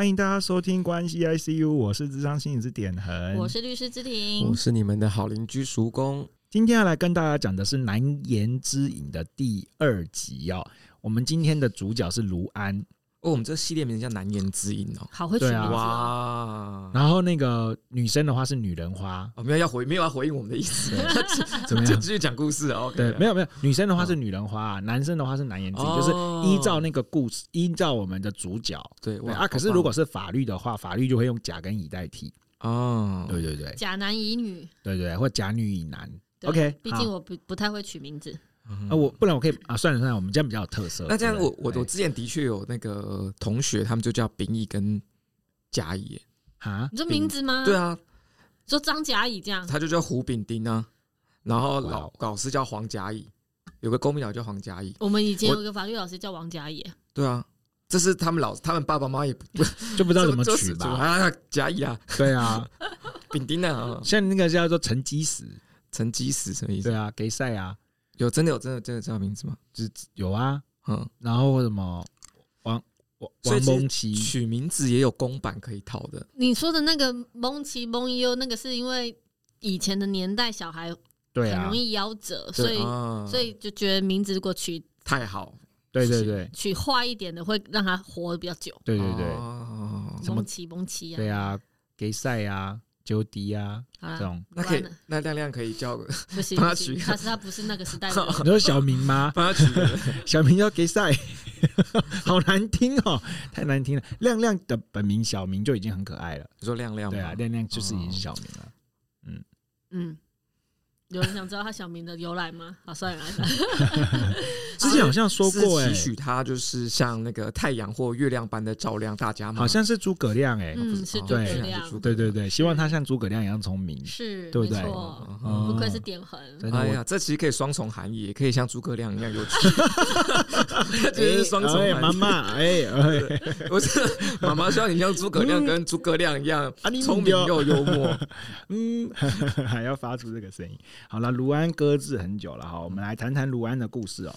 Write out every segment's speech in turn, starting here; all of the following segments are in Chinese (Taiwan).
歡迎大家收聽關係 ICU，我是諮商心理師典衡，我是律師芝庭，我是你們的好鄰居熟工。今天要來跟大家講的是《男言之隱》的第二集哦。我們今天的主角是盧安。哦，我們這系列名叫《男言之隱》哦，好，會取名哦。哇！然後那個女生的話是女人花，哦沒有要回，沒有要回應我們的意思，怎麼樣？就繼續講故事哦。對，沒有沒有，女生的話是女人花，男生的話是男言之隱，就是依照那個故事，依照我們的主角對啊。可是如果是法律的話，法律就會用甲跟乙代替哦。對對對，甲男乙女，對對，或甲女乙男。OK，畢竟我不不太會取名字。啊，我不然我可以啊，算了算了，我們這樣比較有特色。那這樣，我我我之前的確有那個同學，他們就叫丙乙跟甲乙啊？你說名字嗎？對啊，說張甲乙這樣，他就叫胡丙丁啊。然後老老師叫黃甲乙，有個公民老師叫黃甲乙。我們以前有個法律老師叫王甲乙。對啊，這是他們老他們爸爸媽媽也不，就不知道怎麼取吧？啊，甲乙啊，對啊，丙丁啊，像那個叫做陳基石，陳基石什麼意思？對啊，給賽啊。有真的有真的真的叫名字嗎？就是有啊，嗯，然後為什麼王王王蒙奇取名字也有公版可以套的。你說的那個蒙奇蒙優那個是因為以前的年代小孩很容易夭折，啊啊、所以所以就覺得名字如果取太好，對對對取，取壞一點的會讓他活得比較久，對對對，嗯啊、什麼蒙奇蒙奇呀，對呀，給賽呀。九弟啊，哈這種那可以，那亮亮可以叫八曲，可是他不是那個時代的。你說小明嗎？八曲，小明要比賽，好難聽哦，喔，太難聽了。亮亮的本名小明就已經很可愛了。你說亮亮？對啊，亮亮就是也是小明啊。嗯嗯，有人想知道他小明的由來嗎？ 好，算了。 之前好像說過，哎，期許他就是像那個太陽或月亮般的照亮大家嘛，好像是諸葛亮，哎，嗯，對，對，對，對，希望他像諸葛亮一樣聰明，是，對不對？不愧是點橫，哎呀，這其實可以雙重含義，也可以像諸葛亮一樣有趣，哈哈哈哈哈，其實是雙重含義，媽媽，哎，不是，媽媽希望你像諸葛亮跟諸葛亮一樣聰明又幽默，嗯，還要發出這個聲音。好了，盧安擱置很久了，好，我們來談談盧安的故事哦。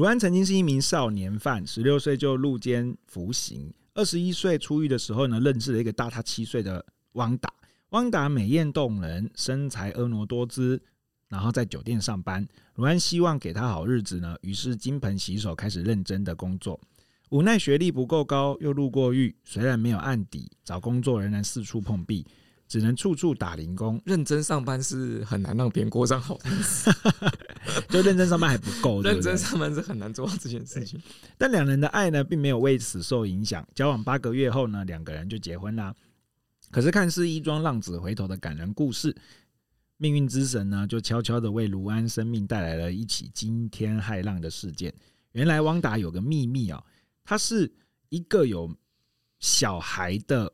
盧安曾經是一名少年犯，十六歲就入監服刑，二十一歲出獄的時候呢，認識了一個大他七歲的汪達。汪達美艷動人，身材婀娜多姿，然後在酒店上班。盧安希望給他好日子呢，於是金盆洗手，開始認真的工作。無奈學歷不夠高，又入過獄，雖然沒有案底，找工作仍然四處碰壁。只能處處打零工，認真上班是很難讓別人過上好認 就認真上班還不夠， 認真上班是很難做到這件事情。但兩人的愛呢，並沒有為此受影響。交往八個月後呢，兩個人就結婚啦。可是，看似一樁浪子回頭的感人故事，命運之神呢，就悄悄的為盧安生命帶來了一起驚天駭浪的事件。原來，汪達有個秘密哦，她是一個有小孩的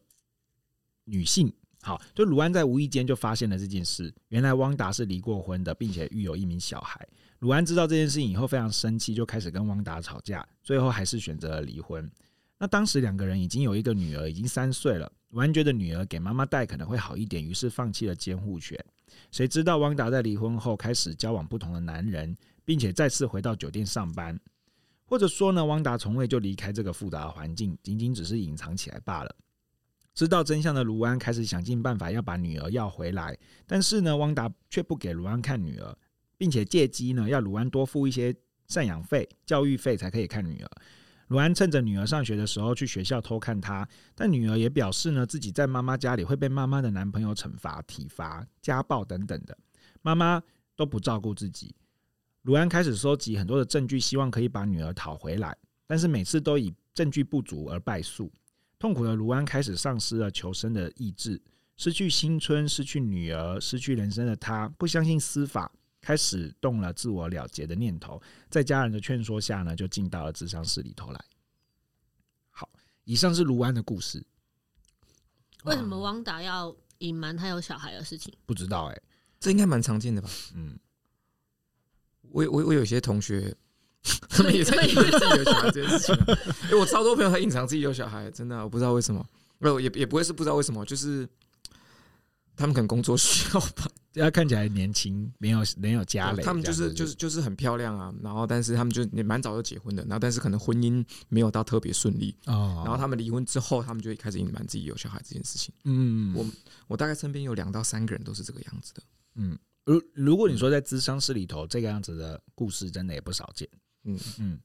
女性。好，就盧安在無意間就發現了這件事。原來汪達是離過婚的，並且育有一名小孩。盧安知道這件事情以後非常生氣，就開始跟汪達吵架，最後還是選擇了離婚。那當時兩個人已經有一個女兒，已經三歲了。盧安覺得女兒給媽媽帶可能會好一點，於是放棄了監護權。誰知道汪達在離婚後開始交往不同的男人，並且再次回到酒店上班。或者說呢，汪達從未就離開這個複雜的環境，僅僅只是隱藏起來罷了。知道真相的盧安開始想盡辦法要把女兒要回來，但是呢，汪達卻不給盧安看女兒，並且借機呢要盧安多付一些贍養費、教育費才可以看女兒。盧安趁着女兒上學的時候去學校偷看她，但女兒也表示呢自己在媽媽家裡會被媽媽的男朋友懲罰、體罰、家暴等等的，媽媽都不照顧自己。盧安開始蒐集很多的證據，希望可以把女兒討回來，但是每次都以證據不足而敗訴。痛苦的盧安開始喪失了求生的意志，失去青春、失去女兒，失去人生的他，不相信司法，開始動了自我了結的念頭。在家人的勸說下呢，就進到了諮商室裡頭來。好，以上是盧安的故事。為什麼汪達要隱瞞他有小孩的事情？啊、不知道、欸、這應該蠻常見的吧？嗯，我我我有些同學。他們也在隱瞞自己有小孩這件事情、欸。我超多朋友很隱藏自己有小孩，真的，啊、我不知道為什麼，不也也不會是不知道為什麼，就是他們可能工作需要吧，大家看起來年輕，沒有沒有家人，他們就是就是就是很漂亮啊。然後，但是他們就也蠻早就結婚的，然後但是可能婚姻沒有到特別順利。然後他們離婚之後，他們就開始隱瞞自己有小孩這件事情。嗯，我我大概身邊有兩到三個人都是這個樣子的。嗯，如如果你說在諮商室裡頭，這個樣子的故事真的也不少見。嗯嗯，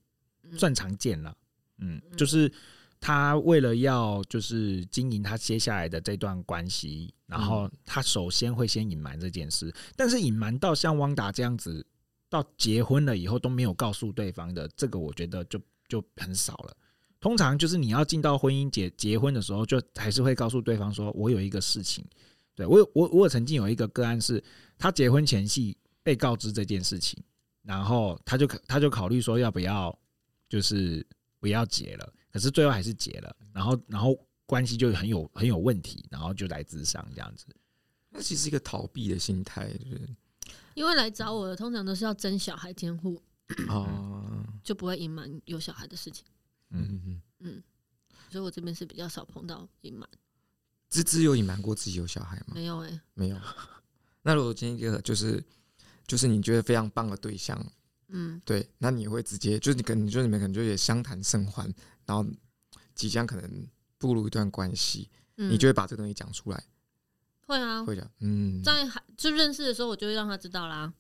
算常見了。嗯，就是他為了要就是經營他接下來的這段關係，然後他首先會先隱瞞這件事，但是隱瞞到像汪達這樣子，到結婚了以後都沒有告訴對方的，這個我覺得就就很少了。通常就是你要進到婚姻結結婚的時候，就還是會告訴對方說，我有一個事情。對，我有我我曾經有一個個案是，他結婚前夕被告知這件事情。然後他就他就考慮說要不要，就是不要結了，可是最後還是結了。然後然後關係就很有很有問題，然後就來諮商這樣子。那其實是一個逃避的心態，就是因為來找我的通常都是要爭小孩監護，哦、嗯， 就不會隱瞞有小孩的事情。嗯嗯哼嗯。嗯，所以我這邊是比較少碰到隱瞞。芝芝有隱瞞過自己有小孩嗎？沒有哎、欸，沒有。那如果今天就是。就是你覺得非常棒的對象，嗯，對，那你會直接就是你跟你就你們可，可能就也相談甚歡，然後即將可能步入一段關係，嗯，你就會把這東西講出來，會啊，會講，嗯，在就認識的時候，我就會讓他知道啦，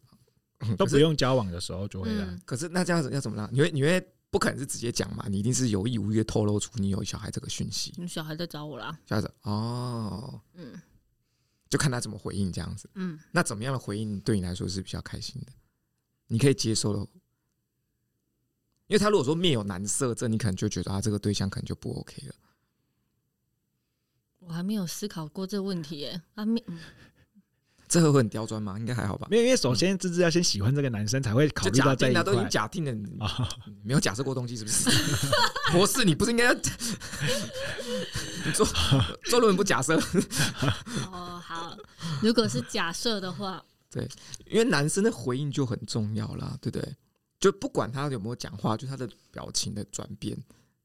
嗯，都不用交往的時候就會了，嗯。可是那這樣子要怎麼啦？你會你會不可能是直接講嘛？你一定是有意無意透露出你有小孩這個訊息，你小孩在找我啦，這樣子哦，嗯。就看他怎麼回應這樣子，嗯，那怎麼樣的回應對你來說是比較開心的？你可以接受的，因為他如果說面有難色，這你可能就覺得啊，這個對象可能就不 OK 了。我還沒有思考過這個問題誒，啊面。這會很刁鑽嗎？應該還好吧。沒有，因為首先芝芝要先喜歡這個男生才會考慮到這一塊。都已經假定了，定了哦、沒有假設過東西是不是？博士，你不是應該要 做做論文不假設？哦，好，如果是假設的話，對，因為男生的回應就很重要啦，對不對？就不管他有沒有講話，就他的表情的轉變，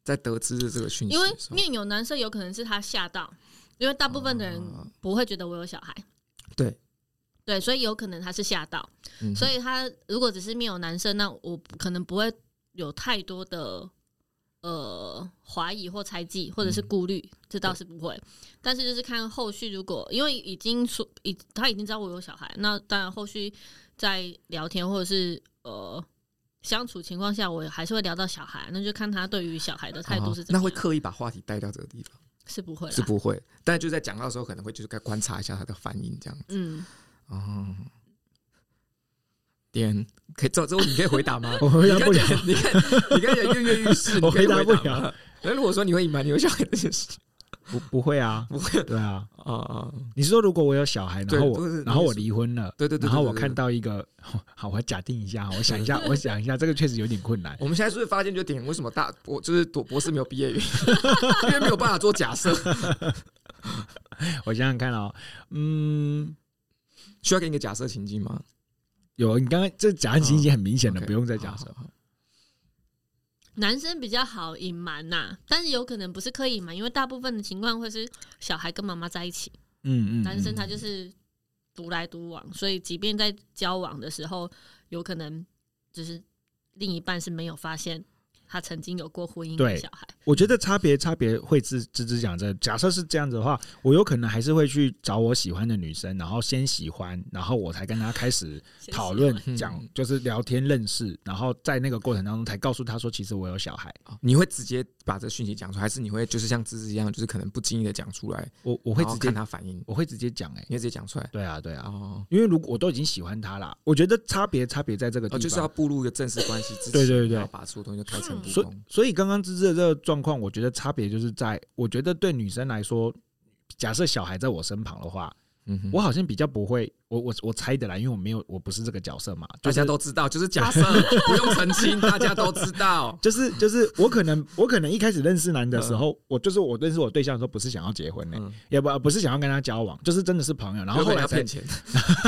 在得知的這個訊息。因為面有男生，有可能是他嚇到，因為大部分的人不會覺得我有小孩，啊、對。對，所以有可能他是嚇到，嗯、哼所以他如果只是沒有男生，那我可能不會有太多的呃懷疑或猜忌，或者是顧慮，這倒、嗯、是不會。對但是就是看後續，如果因為已經說已他已經知道我有小孩，那當然後續在聊天或者是呃相處情況下，我還是會聊到小孩，那就看他對於小孩的態度是怎樣啊啊。那會刻意把話題帶到這個地方？是不會，是不會。但就在講到的時候，可能會就是該觀察一下他的反應，這樣子。嗯。哦，點可以走之後，你可以回答嗎？我回答不了。你看，你看，你看，躍躍欲試。我回答不了。那如果說你會隱瞞你有小孩這件事，不不會啊，不會。對啊，哦哦，你是說如果我有小孩，然後我然後我離婚了，對對然後我看到一個，好，我要假定一下，我想一下，我想一下，這個確實有點困難。我們現在是不是發現就點為什麼大我就是讀博士沒有畢業於，因為沒有辦法做假設。我想想看哦，嗯。需要給你個假設情境嗎？有，你剛剛這假設情境很明顯的，oh, okay. 不用再假設。好好。男生比較好隱瞞吶，但是有可能不是刻意隱瞞，因為大部分的情況會是小孩跟媽媽在一起。嗯嗯，嗯嗯，男生他就是獨來獨往，所以即便在交往的時候，有可能就是另一半是沒有發現。他曾經有過婚姻，對小孩對，我覺得差別差別會之之之講這個，假設是這樣子的話，我有可能還是會去找我喜歡的女生，然後先喜歡，然後我才跟他開始討論講，就是聊天認識，然後在那個過程當中才告訴他說，其實我有小孩。哦、你會直接把這個訊息講出來，還是你會就是像芝芝一樣，就是可能不經意的講出來？我我會直接跟他反應，我會直接講，哎，你會直接講、欸、出來。對啊，對啊，哦、因為如果我都已經喜歡他了，我覺得差別差別在這個地方、哦，就是要步入一個正式關係之前，對對對，把所有東西都開成。所所以，剛剛芝芝的這個狀況，我覺得差別就是在，我覺得對女生來說，假設小孩在我身旁的話，我好像比較不會，我我我猜的啦，因為我沒有，我不是這個角色嘛，大家都知道，就是假設對，不用澄清， 大家都知道，就是就是我可能我可能一開始認識男的時候，我就是我認識我對象的時候，不是想要結婚嘞、欸，也不不是想要跟他交往，就是真的是朋友，然後後來騙錢，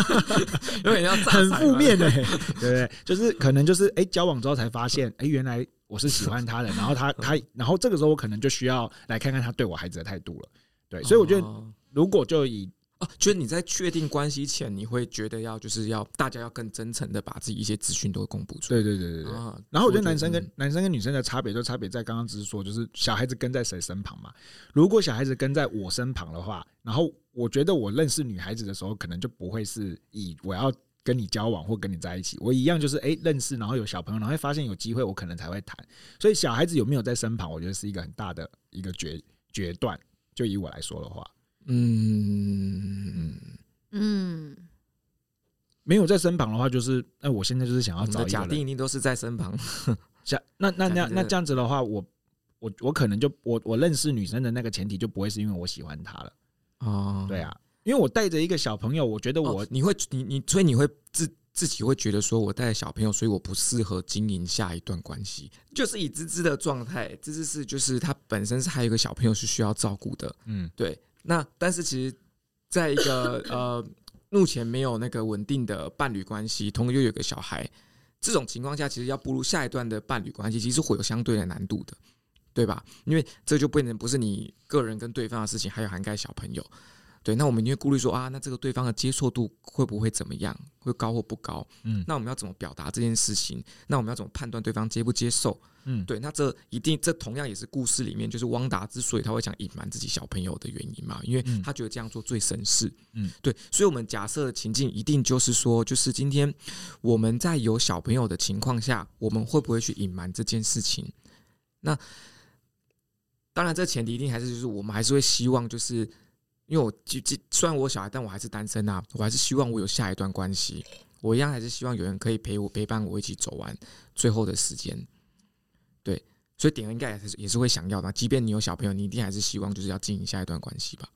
有點要很負面的、欸，對不對？就是可能就是哎、欸，交往之後才發現，哎，原來。我是喜歡他的，然後他他，然後這個時候我可能就需要來看看他對我孩子的態度了。對，所以我覺得如果就以啊，就是你在確定關係前，你會覺得要就是要大家要更真誠的把自己一些資訊都公布出來。對對對對、對、啊，然後我覺得男生跟男生跟女生的差別，就差別在剛剛只是說，就是小孩子跟在誰身旁嘛。如果小孩子跟在我身旁的話，然後我覺得我認識女孩子的時候，可能就不會是以我要。跟你交往或跟你在一起，我一樣就是誒、欸、認識然後有小朋友，然後會發現有機會，我可能才會談。所以小孩子有沒有在身旁，我覺得是一個很大的一個決決斷。就以我來說的話，嗯嗯，嗯嗯沒有在身旁的話，就是那、欸、我現在就是想要找一個的假定一定都是在身旁。 那那那那這樣子的話，我我我可能就我我認識女生的那個前提就不會是因為我喜歡她了哦。對啊。因為我帶着一個小朋友，我覺得我、哦、你會你你，所以你會自自己會覺得說，我帶着小朋友，所以我不適合經營下一段關係，就是以茲茲的狀態，茲茲是就是他本身是還有一個小朋友是需要照顧的，嗯，對。那但是其實，在一個 呃，目前沒有那個穩定的伴侶關係，同時又有一個小孩，這種情況下，其實要步入下一段的伴侶關係，其實會有相對的難度的，對吧？因為這就變成不是你個人跟對方的事情，還有涵蓋小朋友。對，那我們因為顧慮說啊，那這個對方的接受度會不會怎麼樣？會高或不高？嗯，那我們要怎麼表達這件事情？那我們要怎麼判斷對方接不接受？嗯，對，那這一定，這同樣也是故事裡面，就是汪達之所以他會想隱瞞自己小朋友的原因嘛，因為他覺得這樣做最省事。嗯，對，所以我們假設的情境一定就是說，就是今天我們在有小朋友的情況下，我們會不會去隱瞞這件事情？那當然，這前提一定還是就是我們還是會希望就是。因為我就就雖然我小孩，但我還是單身啊，我還是希望我有下一段關係，我一樣還是希望有人可以陪我陪伴我一起走完最後的時間，對，所以點應該也是也是會想要的，即便你有小朋友，你一定還是希望就是要經營下一段關係吧？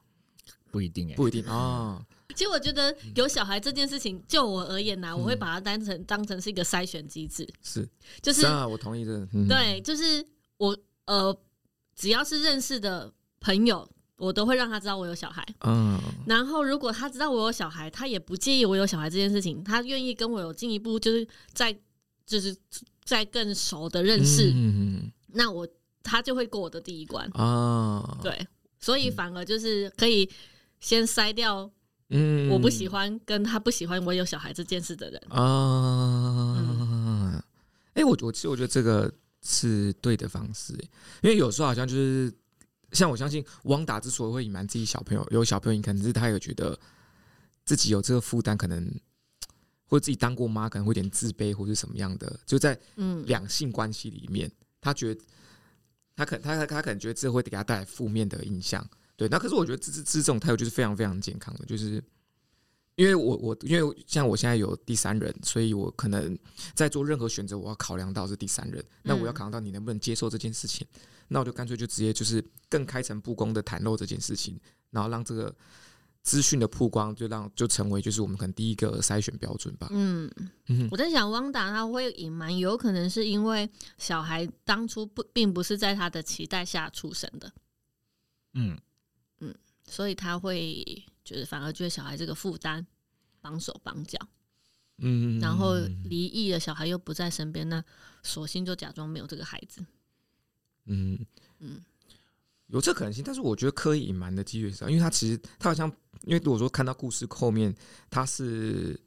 不一定，欸、不一定，不一定哦？其實我覺得有小孩這件事情，嗯、就我而言呢、啊，我會把它當成當成是一個篩選機制，嗯，就是，就是啊，我同意的，對，就是我呃，只要是認識的朋友。我都會讓他知道我有小孩，嗯，然後如果他知道我有小孩，他也不介意我有小孩這件事情，他願意跟我有進一步就再，就是再就是再更熟的認識，嗯，那我他就會過我的第一關啊，哦、對，所以反而就是可以先篩掉，嗯，我不喜歡跟他不喜歡我有小孩這件事的人啊，哎，我我其實我覺得這個是對的方式，因為有時候好像就是。像我相信，汪達之所以會隱瞞自己小朋友，有小朋友，你可能是他有覺得自己有這個負擔，可能或者自己當過媽，可能會有點自卑，或者是什麼樣的，就在嗯兩性關係裡面，他覺得他可能他他可能覺得這會給他帶來負面的印象。對，那可是我覺得，這這這種態度就是非常非常健康的，就是因為我我因為像我現在有第三人，所以我可能在做任何選擇，我要考量到是第三人，那我要考量到你能不能接受這件事情。那我就乾脆就直接就是更開誠布公的袒露這件事情，然後讓這個資訊的曝光就讓就成為就是我們可能第一個篩選標準吧。嗯嗯，我在想，汪達他會隱瞞，有可能是因為小孩當初不並不是在他的期待下出生的。嗯嗯，所以他會就是反而覺得小孩這個負擔綁手綁腳。嗯，嗯，嗯，嗯，然後離異了，小孩又不在身邊，那索性就假裝沒有這個孩子。嗯嗯，有這可能性，但是我覺得刻意隱瞞的幾率少，因為他其實他好像，因為如果說看到故事後面，他是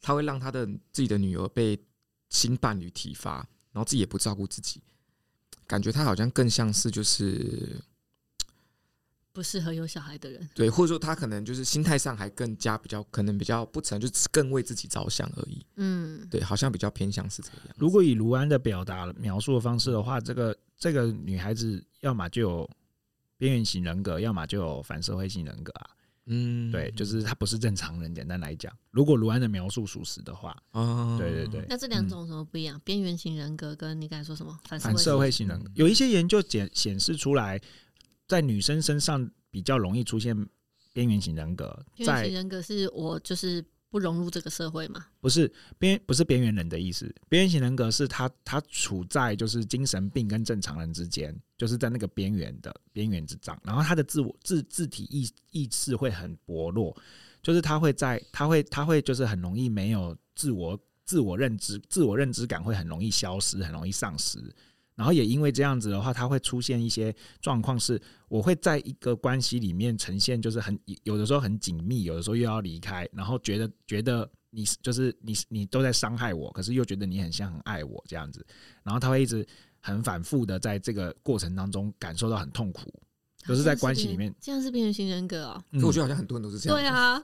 他會讓他的自己的女兒被新伴侶體罰，然後自己也不照顧自己，感覺他好像更像是就是。不適合有小孩的人，對，或者說他可能就是心態上還更加比較，可能比較不成就是，更為自己着想而已。嗯，對，好像比較偏向是這樣。如果以盧安的表達描述的方式的話，這個這個女孩子要麼就有邊緣型人格，要麼就有反社會型人格啊。嗯，對，就是她不是正常人。簡單來講，如果盧安的描述屬實的話，啊，哦，對對對。那這兩種有什麼不一樣？嗯，邊緣型人格跟你剛才說什麼？反、反社會型人格？有一些研究顯顯示出來。在女生身上比較容易出現邊緣型人格。邊緣型人格是我就是不融入這個社會嘛？不是邊不是邊緣人的意思。邊緣型人格是他他處在就是精神病跟正常人之間，就是在那個邊緣的邊緣之上。然後他的自我自自體意意識會很薄弱，就是他會在他會他會就是很容易沒有自我自我認知，自我認知感會很容易消失，很容易喪失。然後也因為這樣子的話，它會出現一些狀況是，是我會在一個關係裡面呈現，就是很有的時候很緊密，有的時候又要離開，然後覺得覺得你就是你你都在傷害我，可是又覺得你很像很愛我這樣子，然後他會一直很反覆的在這個過程當中感受到很痛苦，是就是在關係裡面，這樣是邊緣型人格哦。嗯、我覺得好像很多人都是這樣，對啊，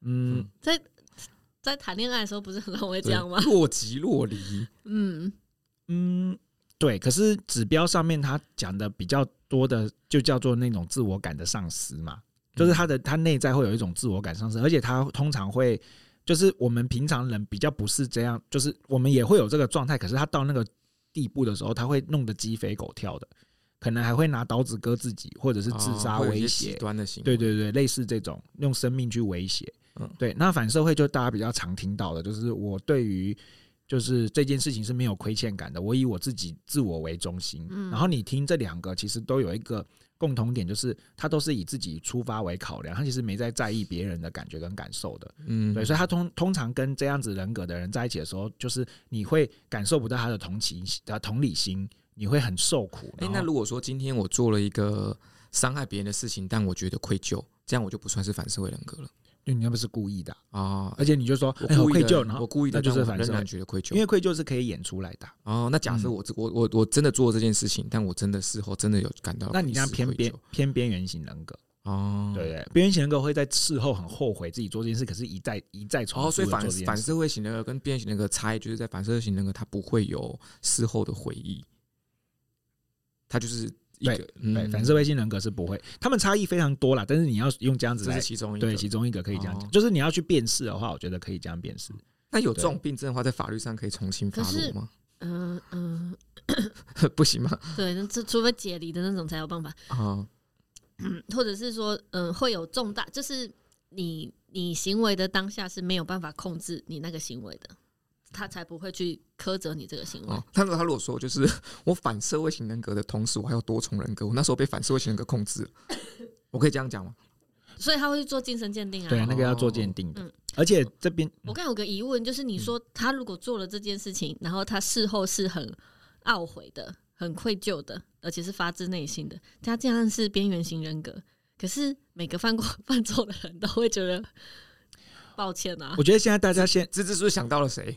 嗯，在在談戀愛的時候不是很多人會這樣嗎？若即若離，嗯 嗯。嗯對，可是指標上面他講的比較多的，就叫做那種自我感的喪失嘛，嗯、就是他的他內在會有一種自我感喪失，而且他通常會，就是我們平常人比較不是這樣，就是我們也會有這個狀態，可是他到那個地步的時候，他會弄得雞飛狗跳的，可能還會拿刀子割自己，或者是自殺威脅，哦、極端的行為對對對，類似這種用生命去威脅，嗯、對，那反社會就大家比較常聽到的，就是我對於。就是這件事情是沒有虧欠感的，我以我自己自我為中心。嗯，然後你聽這兩個，其實都有一個共同點，就是他都是以自己出發為考量，他其實沒在在意別人的感覺跟感受的。嗯，對，所以他通通常跟這樣子人格的人在一起的時候，就是你會感受不到他的同情、他同理心，你會很受苦，欸。那如果說今天我做了一個傷害別人的事情，但我覺得愧疚，嗯，這樣我就不算是反社會人格了？對，你要不是故意的啊，啊而且你就說，我有愧疚，我故意的，那就是反正覺得愧疚，就因為愧疚是可以演出來的，啊。哦、啊，那假設我、嗯、我我我真的做這件事情，但我真的事後真的有感到,那你這樣偏邊偏邊緣型人格哦，嗯、對，對對，邊緣型人格會在事後很後悔自己做這件事，可是一再一再重複做這件事，哦、所以反反社會型人格跟邊緣型人格差異就是在反社會型人格他不會有事後的回憶，他就是。對對，對對反社會性人格是不會，嗯、他們差異非常多啦。但是你要用這樣子來，這是其中一個，對，其中一個可以這樣講，哦、就是你要去辨識的話，我覺得可以這樣辨識。那有這種病症的話，對在法律上可以重新發落嗎？嗯嗯，呃呃、 不行嗎？對，這除非解離的那種才有辦法啊、哦嗯。或者是說，嗯、呃，會有重大，就是你你行為的當下是沒有辦法控制你那個行為的。他才不會去苛責你這個行為。他說、哦：“他如果說就是我反社會型人格的同時，我還有多重人格。我那時候被反社會型人格控制， 我可以這樣講嗎？”所以他會去做精神鑑定啊？對，那個要做鑑定的。嗯、而且這邊，我剛有個疑問，就是你說他如果做了這件事情，嗯、然後他事後是很懊悔的、很愧疚的，而且是發自內心的。他這樣是邊緣型人格，可是每個犯過犯錯的人都會覺得。抱歉啊，我覺得現在大家現芝芝是不是想到了誰？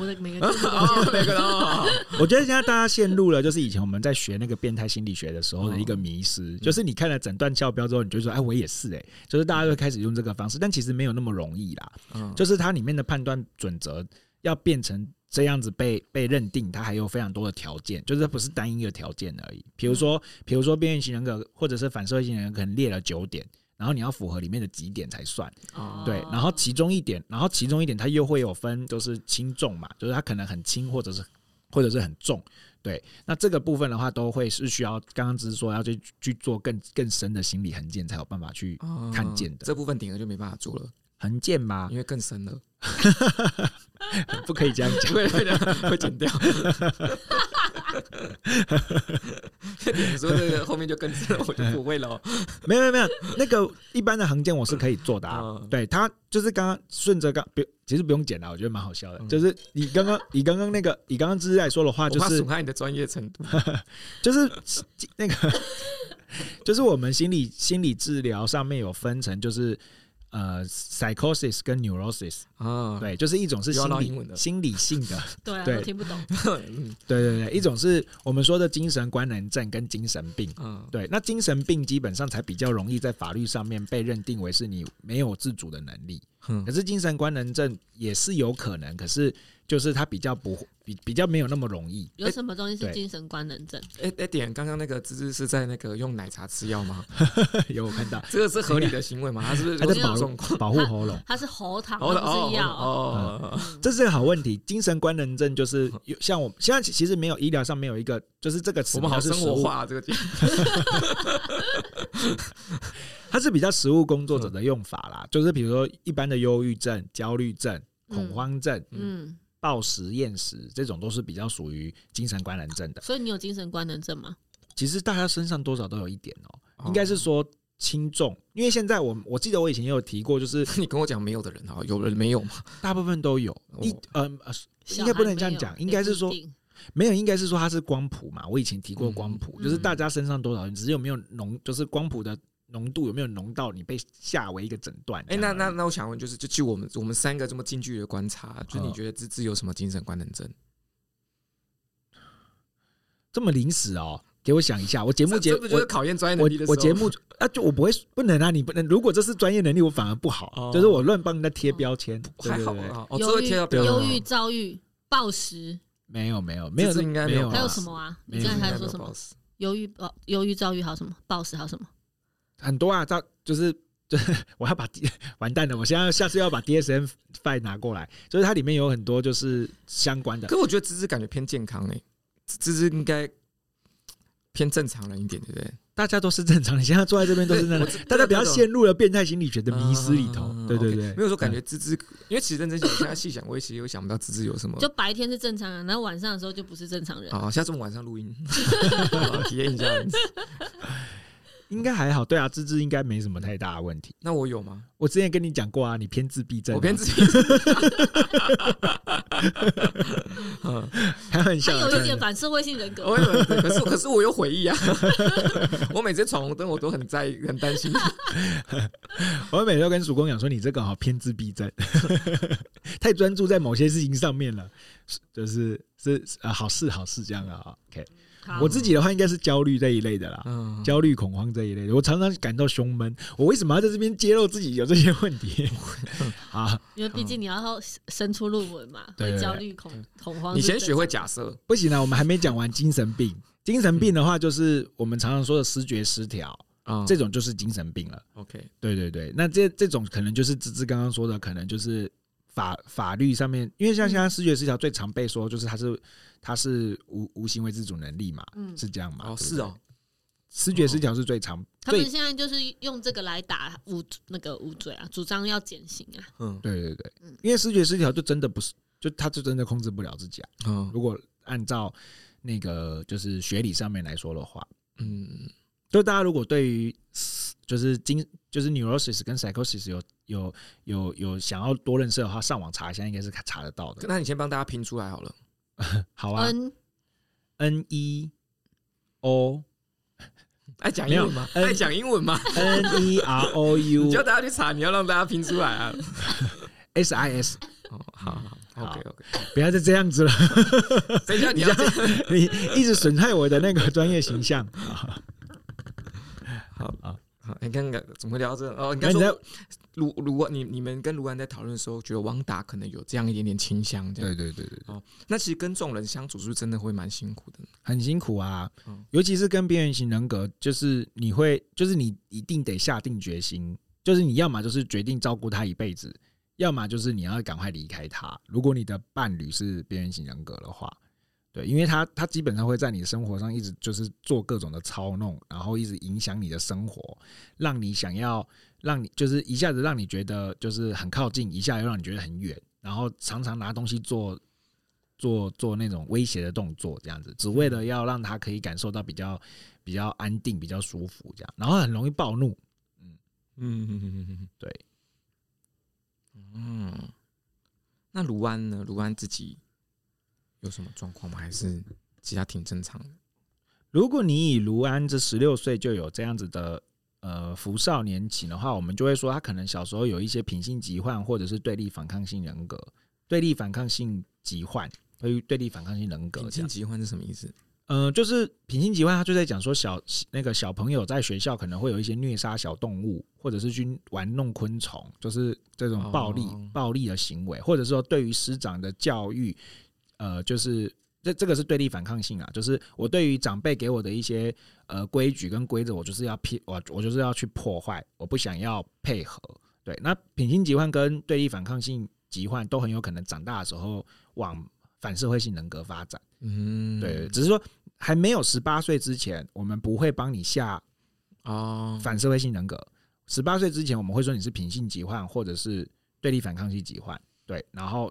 我的每個、 哦，每個 我覺得現在大家陷入了，就是以前我們在學那個變態心理學的時候的一個迷思，嗯、就是你看了診斷效標之後，你就說：“哎，我也是哎。”就是大家就開始用這個方式，嗯、但其實沒有那麼容易啦。嗯，就是它裡面的判斷準則要變成這樣子被被認定，它還有非常多的條件，就是它不是單一的條件而已。比如說，比、嗯、如說邊緣型人格或者是反社會型人格，可能列了九點。然後你要符合裡面的幾點才算，哦、對。然後其中一點，然後其中一點，它又會有分，就是輕重嘛，就是它可能很輕，或者是，或者是很重，對。那這個部分的話，都會是需要剛剛只是說要去去做更更深的心理衡鑑才有辦法去看見的。哦、這部分頂了就沒辦法做了。橫劍嘛，因為更深了， 不可以這樣講， 會會剪掉。 你說那、這個後面就更深了，我就不會了、喔嗯。嗯嗯嗯、沒有沒有沒有，那個一般的橫劍我是可以做的、啊。對他就是剛剛順着剛，不其實不用剪了，我覺得蠻好笑的。嗯、就是你剛剛你剛剛那個你剛剛之前在說的話，就是我損害你的專業程度，就是那個就是我們心理心理治療上面有分成，就是。呃，psychosis 跟 neurosis 啊，對，就是一種是心理心理性的， 對啊，對，聽不懂， 對，對對對，一種是我們說的精神官能症跟精神病，嗯，對，那精神病基本上才比較容易在法律上面被認定為是你沒有自主的能力，嗯，可是精神官能症也是有可能，可是。就是它比較不比比較沒有那麼容易。有什麼東西是精神官能症？哎哎，點剛剛那個芝芝是在那個用奶茶吃藥嗎？有我看到這個是合理的行為嗎？它是不是在保護保護喉嚨？它是喉糖不是藥？哦，這是個好問題。精神官能症就是有像我們現在其實沒有醫療上沒有一個就是這個詞，我們好生活化這個。它是比較實務工作者的用法啦，就是比如說一般的憂鬱症、焦慮症、恐慌症，嗯。暴食厭食這種都是比較屬於精神官能症的，所以你有精神官能症嗎？其實大家身上多少都有一點、喔、哦，應該是說輕重，因為現在我我記得我以前也有提過，就是你跟我講沒有的人哈，有人沒有嘛、嗯？大部分都有，哦、一呃，應該不能這樣講，應該是說沒有，應該是說它是光譜嘛，我以前提過光譜，嗯嗯、就是大家身上多少，只是有沒有濃，就是光譜的。濃度有沒有濃到你被下為一個診斷？哎，那那那，我想問，就是就據我們我們三個這麼近距離的觀察，就你覺得這這有什麼精神官能症？這麼臨時哦，給我想一下。我節目節我考驗專業能力的，我節目啊，就我不會不能啊，你不能。如果這是專業能力，我反而不好，就是我亂幫人家貼標籤，還好啊。憂鬱、憂鬱、躁鬱、暴食，沒有沒有沒有，這應該沒有。還有什麼啊？你剛才說什麼？憂鬱猶憂鬱躁鬱，有什麼？暴食，好什麼？很多啊，到就是就是我要把 D 完蛋了，我現在下次要把 D S M Five 拿過來，就是它裡面有很多就是相關的。可是我覺得芝芝感覺偏健康呢、欸，芝芝應該偏正常人一點，對不對？大家都是正常人，現在坐在這邊都是正常人，大家不要陷入了變態心理學的迷思裡頭。嗯、對,對對對，okay, 沒有說感覺芝芝，嗯、因為其實認真想，現在細想，我也其實又想不到芝芝有什麼。就白天是正常人，然後晚上的時候就不是正常人。哦，下次我們晚上錄音， 好，體驗一下。 應該還好，對啊，芝芝應該沒什麼太大的問題。那我有嗎？我之前跟你講過啊，你偏自閉症。我偏自閉症。嗯，還很像有一點反社會性人格。可是可是我有悔意啊。 我每次闖紅燈，我都很在意、很擔心。 我每次都跟主公講說：“你這個好偏自閉症， 太專注在某些事情上面了。”就是是，是、呃、好事好事這樣啊。OK。好我自己的話應該是焦慮這一類的啦，焦慮恐慌這一類的。我常常感到胸悶，我為什麼要在這邊揭露自己有這些問題、嗯？ 因為畢竟你要生出論文嘛，對、嗯、焦慮恐恐慌。對對對，你先學會假設，不行啊，我們還沒講完精神病。精神病的話，就是我們常常說的思覺失調、嗯、這種就是精神病了。OK，對對對，那這這種可能就是芝芝剛剛說的，可能就是。法法律上面，因為像現在思覺失調最常被說就是他是他是無無行為自主能力嘛，嗯、是這樣嘛？哦，是哦，思覺失調是最常。嗯哦、對他們現在就是用這個來打無那個無罪啊，主張要減刑啊。嗯，對對對，因為思覺失調就真的不是，就他就真的控制不了自己啊。嗯，如果按照那個就是學理上面來說的話，嗯，就大家如果對於就是精就是 neurosis 跟 psychosis 有。有有有想要多認識的話，上網查一下，應該是查得到的。那你先幫大家拼出來好了。 好啊。N E O 愛講英文嗎？有愛講英文嗎？N, N E R O U 叫大家去查，你要讓大家拼出來啊。S, S I S 哦、嗯，好好，好，OK OK，不要再這樣子了。等一下，你這樣，你一直損害我的那個專業形象。你看，怎麼會聊這個嗯、哦？你，你在盧，如果你你們跟盧安在討論的時候，覺得汪達可能有這樣一點點傾向，對對對對哦。那其實跟這種人相處是，是真的會蠻辛苦的，很辛苦啊。尤其是跟邊緣型人格，就是你會，就是你一定得下定決心，就是你要麼就是決定照顧他一輩子，要麼就是你要趕快離開他。如果你的伴侶是邊緣型人格的話。對，因為他他基本上會在你生活上一直就是做各種的操弄，然後一直影響你的生活，讓你想要讓你就是一下子讓你覺得就是很靠近，一下子又讓你覺得很遠，然後常常拿東西做做做那種威脅的動作，這樣子，只為了要讓他可以感受到比較比較安定、比較舒服這樣，然後很容易暴怒。嗯嗯嗯對。嗯，那盧安呢？盧安自己。有什麼狀況嗎？還是其他挺正常的？如果你以盧安這十六歲就有這樣子的呃服少年刑的話，我們就會說他可能小時候有一些品性疾患，或者是對立反抗性人格、對立反抗性疾患，對於對立反抗性人格，品性疾患是什麼意思？嗯、呃，就是品性疾患，他就在講說小那個小朋友在學校可能會有一些虐殺小動物，或者是去玩弄昆蟲，就是這種暴力、哦、暴力的行為，或者說對於師長的教育。呃，就是這這個是對立反抗性啊，就是我對於長輩給我的一些呃規矩跟規則，我就是要批，我我就是要去破壞，我不想要配合。對，那品性疾患跟對立反抗性疾患都很有可能長大的時候往反社會性人格發展。嗯，對，只是說還沒有十八歲之前，我們不會幫你下啊反社會性人格。嗯，十八歲之前，我們會說你是品性疾患或者是對立反抗性疾患。對，然後。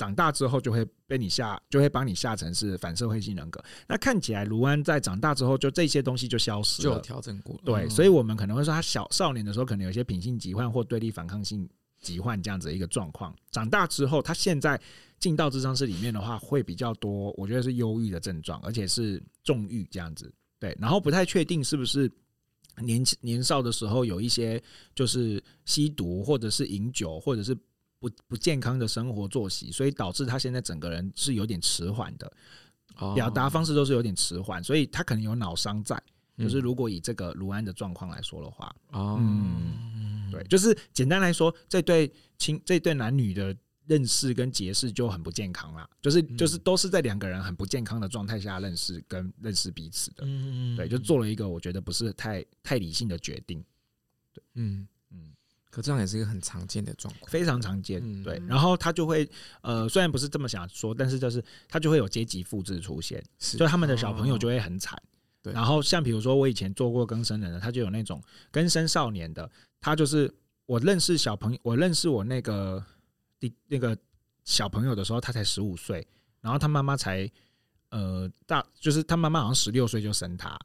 長大之後就會被你下，就會幫你下成是反社會性人格。那看起來盧安在長大之後，就這些東西就消失了，就調整過。嗯嗯，對。所以，我們可能會說，他小少年的時候可能有些品性疾患或對立反抗性疾患這樣子一個狀況。長大之後，他現在進到諮商室裡面的話，會比較多。我覺得是憂鬱的症狀，而且是重鬱這樣子。對，然後不太確定是不是年輕年少的時候有一些就是吸毒或者是飲酒或者是。不不健康的生活作息，所以導致他現在整個人是有點遲緩的，表達、哦、方式都是有點遲緩，所以他可能有腦傷在。嗯、就是如果以這個盧安的狀況來說的話、哦嗯，對，就是簡單來說，這對親這對男女的認識跟結識就很不健康了，就是就是都是在兩個人很不健康的狀態下認識跟認識彼此的，嗯、對，就做了一個我覺得不是太太理性的決定，對，嗯。可這樣也是一個很常見的狀況，非常常見。對，然後他就會呃，雖然不是這麼想說，但是就是他就會有階級複製出現，是就他們的小朋友就會很慘。對，哦、然後像比如說我以前做過更生人的，他就有那種更生少年的，他就是我認識小朋友，我認識我那個那個小朋友的時候，他才十五歲，然後他媽媽才呃大，就是他媽媽好像十六歲就生他，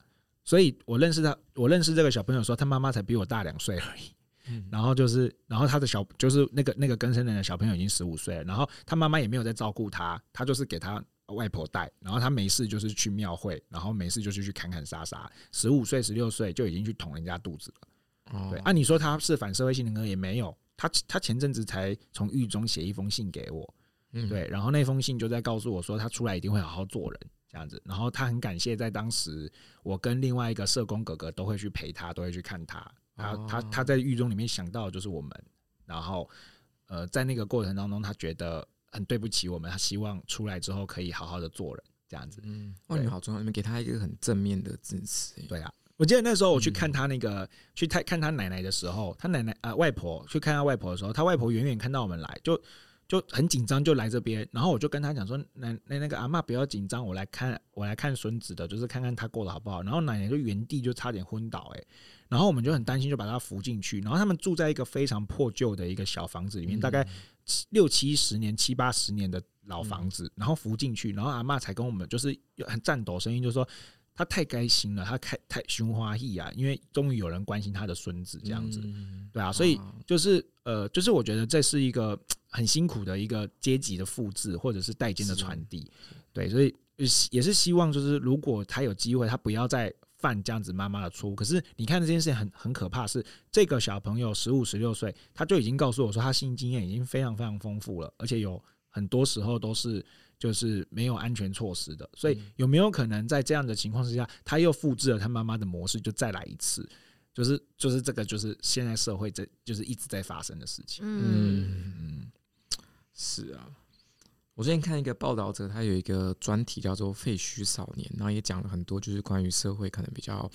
所以我認識他，我認識這個小朋友的時候，他媽媽才比我大兩歲而已。然後就是，然後他的小就是那個那個更生人的小朋友已經十五歲了，然後他媽媽也沒有在照顧他，他就是給他外婆帶，然後他沒事就是去廟會，然後沒事就是去砍砍殺殺，十五歲十六歲就已經去捅人家肚子了。哦對，啊，你說他是反社會性人格，也沒有，他他前陣子才從獄中寫一封信給我，嗯，對，然後那封信就在告訴我說他出來一定會好好做人這樣子，然後他很感謝在當時我跟另外一個社工哥哥都會去陪他，都會去看他。他他他在獄中裡面想到的就是我們，然後呃在那個過程當中他覺得很對不起我們，他希望出來之後可以好好的做人這樣子。嗯，哇，你好重要，你們給他一個很正面的支持。對啊，我記得那時候我去看他那個去他看他奶奶的時候，他奶奶啊、呃、外婆去看他外婆的時候，他外婆遠遠看到我們來就。就很緊張，就來這邊，然後我就跟他講說：“那那那個阿嬤不要緊張，我來看我來看孫子的，就是看看他過得好不好。”然後奶奶就原地就差點昏倒，哎，然後我們就很擔心，就把他扶進去。然後他們住在一個非常破舊的一個小房子裡面，大概六七十年、七八十年的老房子，嗯、然後扶進去，然後阿嬤才跟我們就是有很顫抖聲音，就說：“他太開心了，他太太太開太尋花易啊，因為終於有人關心他的孫子這樣子，嗯、對啊，所以就是、啊、呃，就是我覺得這是一個。”很辛苦的一個階級的複製，或者是代間的傳遞，對，所以也是希望，就是如果他有機會，他不要再犯這樣子媽媽的錯。可是，你看的這件事情很很可怕，是這個小朋友十五十六歲，他就已經告訴我說，他性經驗已經非常非常豐富了，而且有很多時候都是就是沒有安全措施的。所以，有沒有可能在這樣的情況之下，他又複製了他媽媽的模式，就再來一次？就是就是這個就是現在社會在就是一直在發生的事情。嗯嗯。是啊，我最近看一個報道者，他有一個專題叫做《廢墟少年》，然後也講了很多，就是關於社會可能比較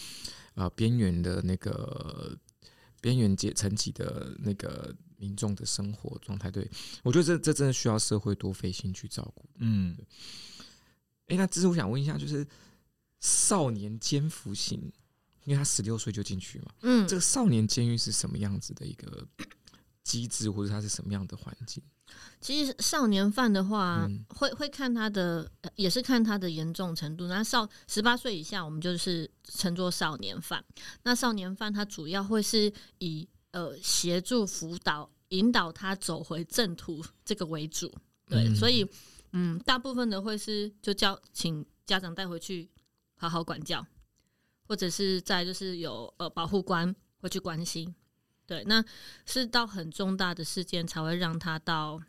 啊邊緣的那個邊緣階層級的那個民眾的生活狀態。對，我覺得這這真的需要社會多費心去照顧。嗯，哎、欸，那其實我想問一下，就是少年監服刑，因為他十六歲就進去嘛，嗯，這個少年監獄是什麼樣子的一個機制，或者它是什麼樣的環境？其實少年犯的話，嗯、會會看他的，呃，也是看他的嚴重程度。那少十八歲以下，我們就是稱作少年犯。那少年犯他主要會是以呃協助輔導、引導他走回正途這個為主。對，嗯、所以嗯，大部分的會是就叫請家長帶回去好好管教，或者是再就是有呃保護官會去關心。對，那是到很重大的事件才會讓他到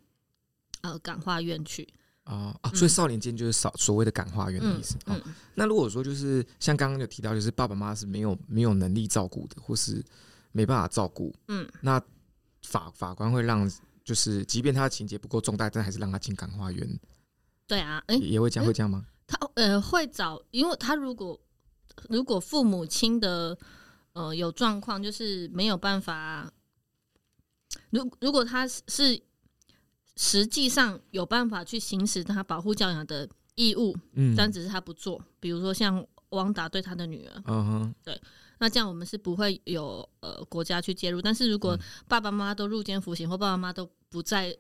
呃感化院去啊、呃、啊！所以少年監就是少所謂的感化院的意思嗯、哦，那如果說就是像剛剛有提到，就是爸爸媽媽是沒有沒有能力照顧的，或是沒辦法照顧，嗯，那法法官會讓就是，即便他的情節不夠重大，但還是讓他進感化院。對啊，哎、欸，也會這樣、欸、會這樣嗎？他呃會找，因為他如果如果父母親的。呃，有狀況就是沒有辦法。如如果他是實際上有辦法去行使他保護教養的義務，嗯，但只是他不做，比如說像汪達對他的女兒，嗯、哦、哼，對，那這樣我們是不會有呃國家去介入。但是如果爸爸媽媽都入監服刑或爸爸媽媽都不在，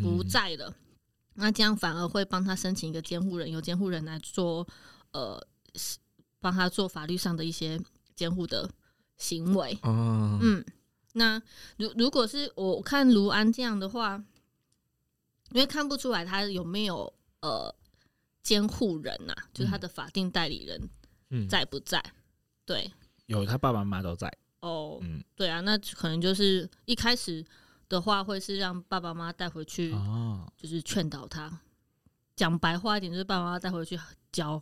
不在了，嗯、哼哼，那這樣反而會幫他申請一個監護人，由監護人來做，呃，幫他做法律上的一些監護的。行為，哦、嗯，那如如果是我看盧安這樣的話，因為看不出來他有沒有呃監護人吶、啊，就是他的法定代理人在不在？嗯、對，有，他爸爸媽媽都在。哦，對啊，那可能就是一開始的話，會是讓爸爸媽媽帶回去，哦、就是勸導他。講白話一點，就是爸爸媽媽帶回去教。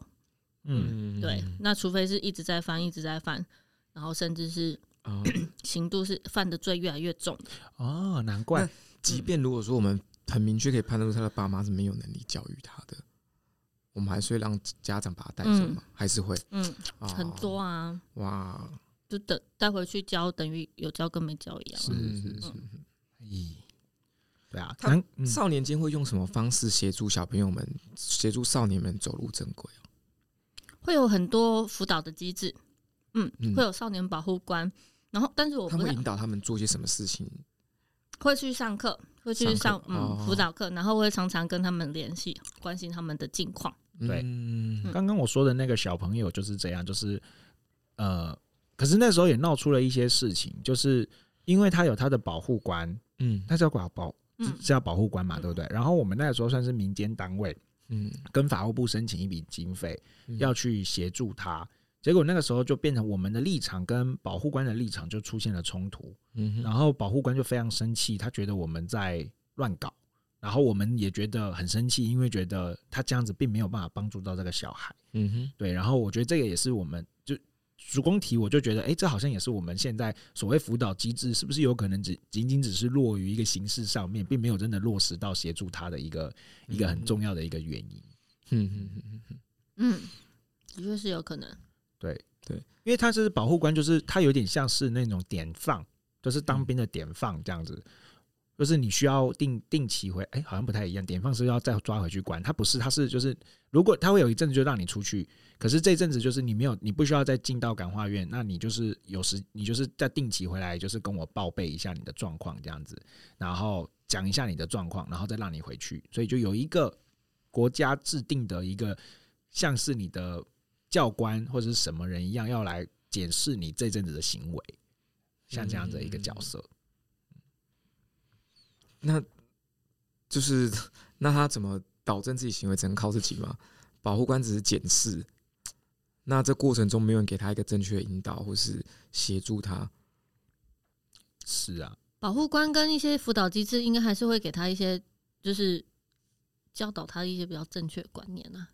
嗯，嗯，嗯，嗯，對。那除非是一直在犯，一直在犯。然後，甚至是刑度是犯的罪越來越重，哦，難怪。即便如果說我們很明確可以判斷出他的爸媽是沒有能力教育他的，我們還是會讓家長把他帶走嗎？還是會？嗯，很多啊。哇，就等帶回去教，等於有教跟沒教一樣。是是是。咦，對啊。少年監會用什麼方式協助小朋友們、協助少年們走入正軌啊？會有很多輔導的機制。嗯，會有少年保護官，然後但是我不知道他會引導他們做些什麼事情，會去上課，會去上,上課嗯輔導課，然後會常常跟他們聯繫，嗯、關心他們的近況。對，嗯、剛剛我說的那個小朋友就是這樣，就是呃，可是那時候也鬧出了一些事情，就是因為他有他的保護官，嗯他，他叫保保是保護官嘛，對不對？嗯、然後我們那個時候算是民間單位，嗯，跟法務部申請一筆經費，嗯、要去協助他。結果那個時候就變成我們的立場跟保護官的立場就出現了衝突，嗯哼，然後保護官就非常生氣，他覺得我們在亂搞，然後我們也覺得很生氣，因為覺得他這樣子並沒有辦法幫助到這個小孩，嗯哼，對，然後我覺得這個也是我們就主攻題，我就覺得，哎，這好像也是我們現在所謂輔導機制是不是有可能只僅僅只是落於一個形式上面，並沒有真的落實到協助他的一個、嗯、哼一個很重要的一個原因，嗯哼哼，哼嗯，的確是有可能。對對，因為他是保護官。就是他有點像是那種點放，就是當兵的點放這樣子，嗯、就是你需要定定期回，哎、欸，好像不太一樣。點放是要再抓回去關，他不是，他是就是，如果他會有一陣子就讓你出去，可是這陣子就是你沒有，你不需要再進到感化院，那你就是有時你就是再定期回來，就是跟我報備一下你的狀況這樣子，然後講一下你的狀況，然後再讓你回去，所以就有一個國家制定的一個像是你的。教官或者是什麼人一樣，要來檢視你這陣子的行為，像這樣的一個角色。嗯，那，就是那他怎麼導正自己行為，只能靠自己嗎？保護官只是檢視，那這過程中沒有人給他一個正確的引導，或是協助他。是啊，保護官跟一些輔導機制，應該還是會給他一些，就是教導他一些比較正確的觀念啊。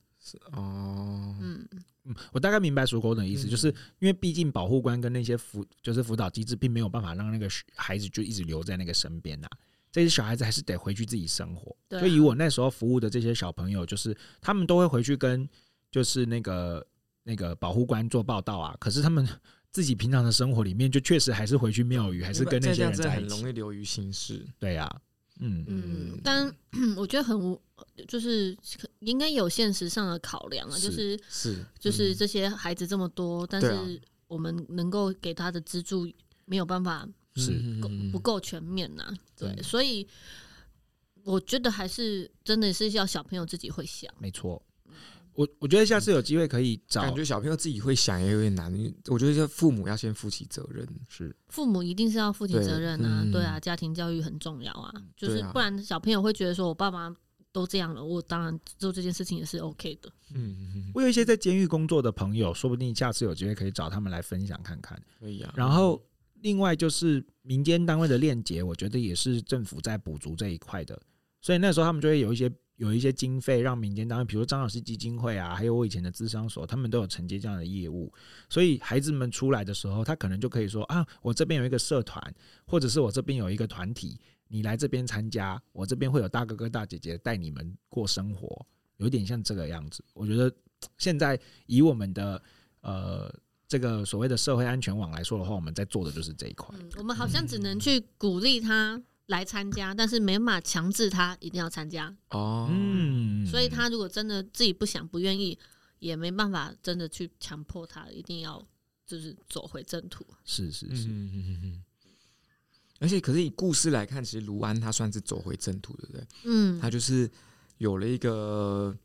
哦，呃、嗯嗯，我大概明白屬狗的意思，嗯、就是因為畢竟保護官跟那些輔就是輔導機制，並沒有辦法讓那個孩子就一直留在那個身邊吶、啊。這些小孩子還是得回去自己生活。對啊、所以，以，我那時候服務的這些小朋友，就是他們都會回去跟就是那個那個保護官做報到啊。可是他們自己平常的生活裡面，就確實還是回去廟宇，嗯、還是跟那些人在一起，很容易流於形式。對呀、啊。嗯嗯，但嗯我覺得很無，就是應該有現實上的考量啊，就是是、嗯、就是這些孩子這麼多，啊、但是我們能夠給他的資助沒有辦法是夠、嗯、不夠全面吶、啊？對，對，所以我覺得還是真的是要小朋友自己會想，沒錯。我我覺得下次有機會可以找，感覺小朋友自己會想也有點難。我覺得這父母要先負起責任，是父母一定是要負起責任啊，對，嗯、對啊，家庭教育很重要啊，就是不然小朋友會覺得說，我爸媽都這樣了，我當然做這件事情也是 OK 的。嗯嗯嗯。我有一些在監獄工作的朋友，說不定下次有機會可以找他們來分享看看。可以啊。然後另外就是民間單位的鏈接，我覺得也是政府在補足這一塊的，所以那時候他們就會有一些。有一些經費讓民間單位，比如張老師基金會啊，還有我以前的諮商所，他們都有承接這樣的業務。所以孩子們出來的時候，他可能就可以說啊，我這邊有一個社團，或者是我這邊有一個團體，你來這邊參加，我這邊會有大哥哥大姐姐帶你們過生活，有點像這個樣子。我覺得現在以我們的呃這個所謂的社會安全網來說的話，我們在做的就是這一塊。嗯，我們好像只能去鼓勵他。嗯來參加，但是沒辦法強制他一定要參加哦，所以他如果真的自己不想、不願意，也沒辦法真的去強迫他一定要就是走回正途。是是是，嗯哼哼哼，而且可是以故事來看，其實盧安他算是走回正途，對不對？嗯，他就是有了一個，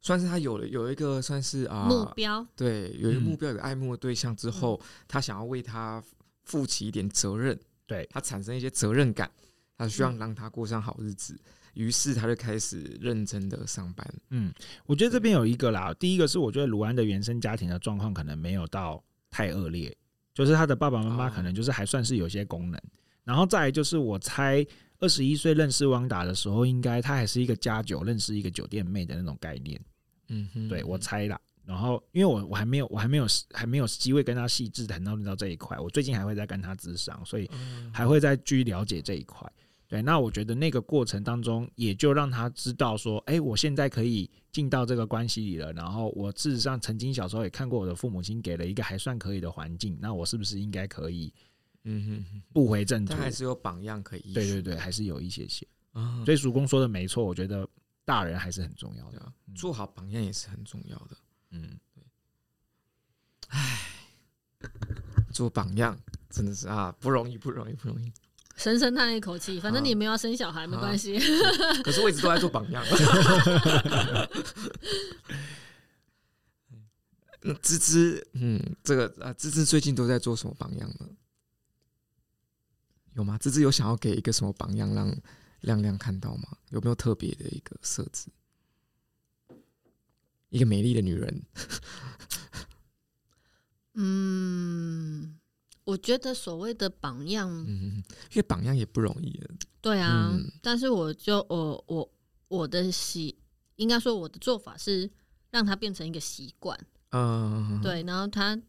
算是他有了有一個算是啊，呃、目標，對，有一個目標，有愛慕的對象之後，嗯，他想要為他負起一點責任。對他產生一些責任感，他希望讓他過上好日子，於、嗯、是他就開始認真的上班。嗯，我覺得這邊有一個啦，第一個是我覺得盧安的原生家庭的狀況可能沒有到太惡劣，就是他的爸爸媽媽可能就是還算是有些功能，哦、然後再就是我猜二十一歲認識汪達的時候，應該他還是一個家酒認識一個酒店妹的那種概念。嗯哼嗯，對，我猜啦。然後，因為我我還沒有我還沒有還沒有機會跟他細緻談到論到這一塊，我最近還會再跟他諮商，所以還會再去了解這一塊。對，那我覺得那個過程當中，也就讓他知道說，哎，我現在可以進到這個關係裡了。然後我事實上曾經小時候也看過我的父母親給了一個還算可以的環境，那我是不是應該可以？嗯哼，不回正途，他還是有榜樣可以。對，對對對，還是有一些些。所以主公說的沒錯，我覺得大人還是很重要的，做好榜樣也是很重要的。嗯，對，唉，做榜樣真的是啊，不容易，不容易，不容易。深深嘆了一口氣，反正你沒有要生小孩，啊，沒關係，啊。可是我一直都在做榜樣。 嗯，芝芝，嗯，這個啊，芝芝最近都在做什麼榜樣呢？有嗎？芝芝有想要給一個什麼榜樣讓亮亮看到嗎？有沒有特別的一個設置？一個美麗的女人，嗯，我覺得所謂的榜樣，嗯，因為榜樣也不容易，對啊。嗯、但是我就我我我的習，應該說我的做法是讓她變成一個習慣，嗯、呃，對。然後他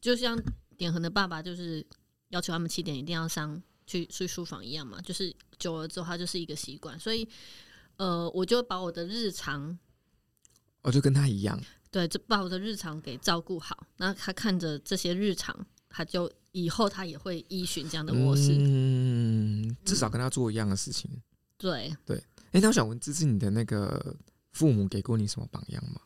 就像點恆的爸爸，就是要求他們七點一定要上去睡書房一樣嘛，就是久了之後，他就是一個習慣。所以，呃，我就把我的日常。我、哦、就跟他一樣，對，就把我的日常給照顧好。那他看着這些日常，他就以後他也會依循這樣的模式。嗯，至少跟他做一樣的事情。對、嗯，對。哎、欸，那我想問，這是你的那個父母給過你什麼榜樣嗎？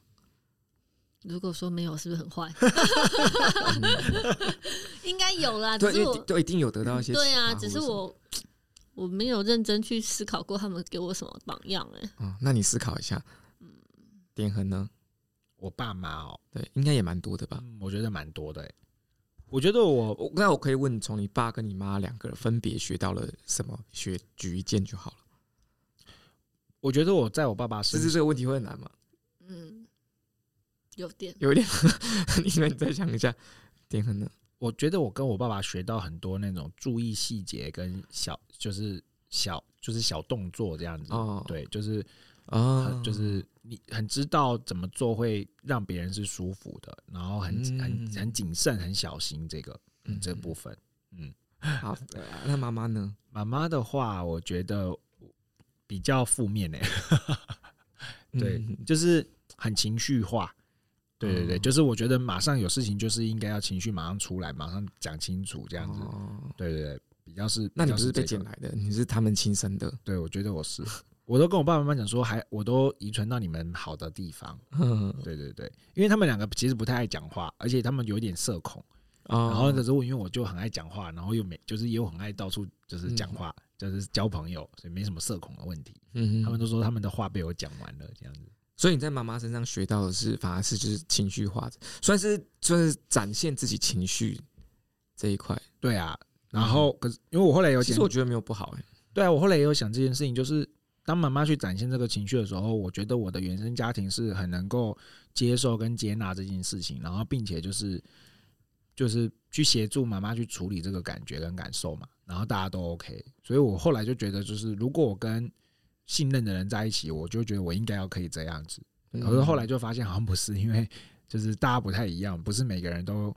如果說沒有，是不是很壞？ 應該有啦。對，就一定有得到一些、嗯。對啊，只是我我沒有認真去思考過他們給我什麼榜樣、欸。哎，哦，那你思考一下。典衡呢？我爸媽哦，對，應該也蠻多的吧？嗯、我覺得蠻多的、欸。我覺得我，那我可以問，從你爸跟你媽兩個人分別學到了什麼？學舉一件就好了。我覺得我在我爸爸身上，其實這個問題會很難嗎？嗯，有點，有點。呵呵你們再想一下， 典衡呢？我覺得我跟我爸爸學到很多那種注意細節跟小，就是小，就是小動作這樣子。哦，對，就是啊，哦、就是。你很知道怎麼做會讓別人是舒服的。然後很很很謹慎，很小心這個、嗯、這個部分，嗯，好。對啊，那媽媽呢？媽媽的話，我覺得比較負面哎、欸， 對，嗯、就是很情緒化。對對對，嗯、就是我覺得馬上有事情，就是應該要情緒馬上出來，馬上講清楚這樣子。哦、對對對，比較是。比較是這個、那你不是被撿來的？你是他們親生的？對，我覺得我是。 我都跟我爸爸媽媽講說，還我都遺傳到你們好的地方。對對對，因為他們兩個其實不太愛講話，而且他們有點社恐。啊，然後可是我因為我就很愛講話，然後又沒就是也有很愛到處就是講話，就是交朋友，所以沒什麼社恐的問題。嗯，他們都說他們的話被我講完了這樣子。嗯，所以你在媽媽身上學到的是，反而是就是情緒化，算是就是展現自己情緒這一塊。對啊，然後可是因為我後來有，其實我覺得沒有不好。對啊，我後來也有想這件事情，就是。當媽媽去展現這個情緒的時候，我覺得我的原生家庭是很能夠接受跟接納這件事情，然後並且就是就是去協助媽媽去處理這個感覺跟感受嘛，然後大家都 OK。所以我後來就覺得，就是如果我跟信任的人在一起，我就覺得我應該要可以這樣子。可是對後,後來就發現好像不是，因為就是大家不太一樣，不是每個人都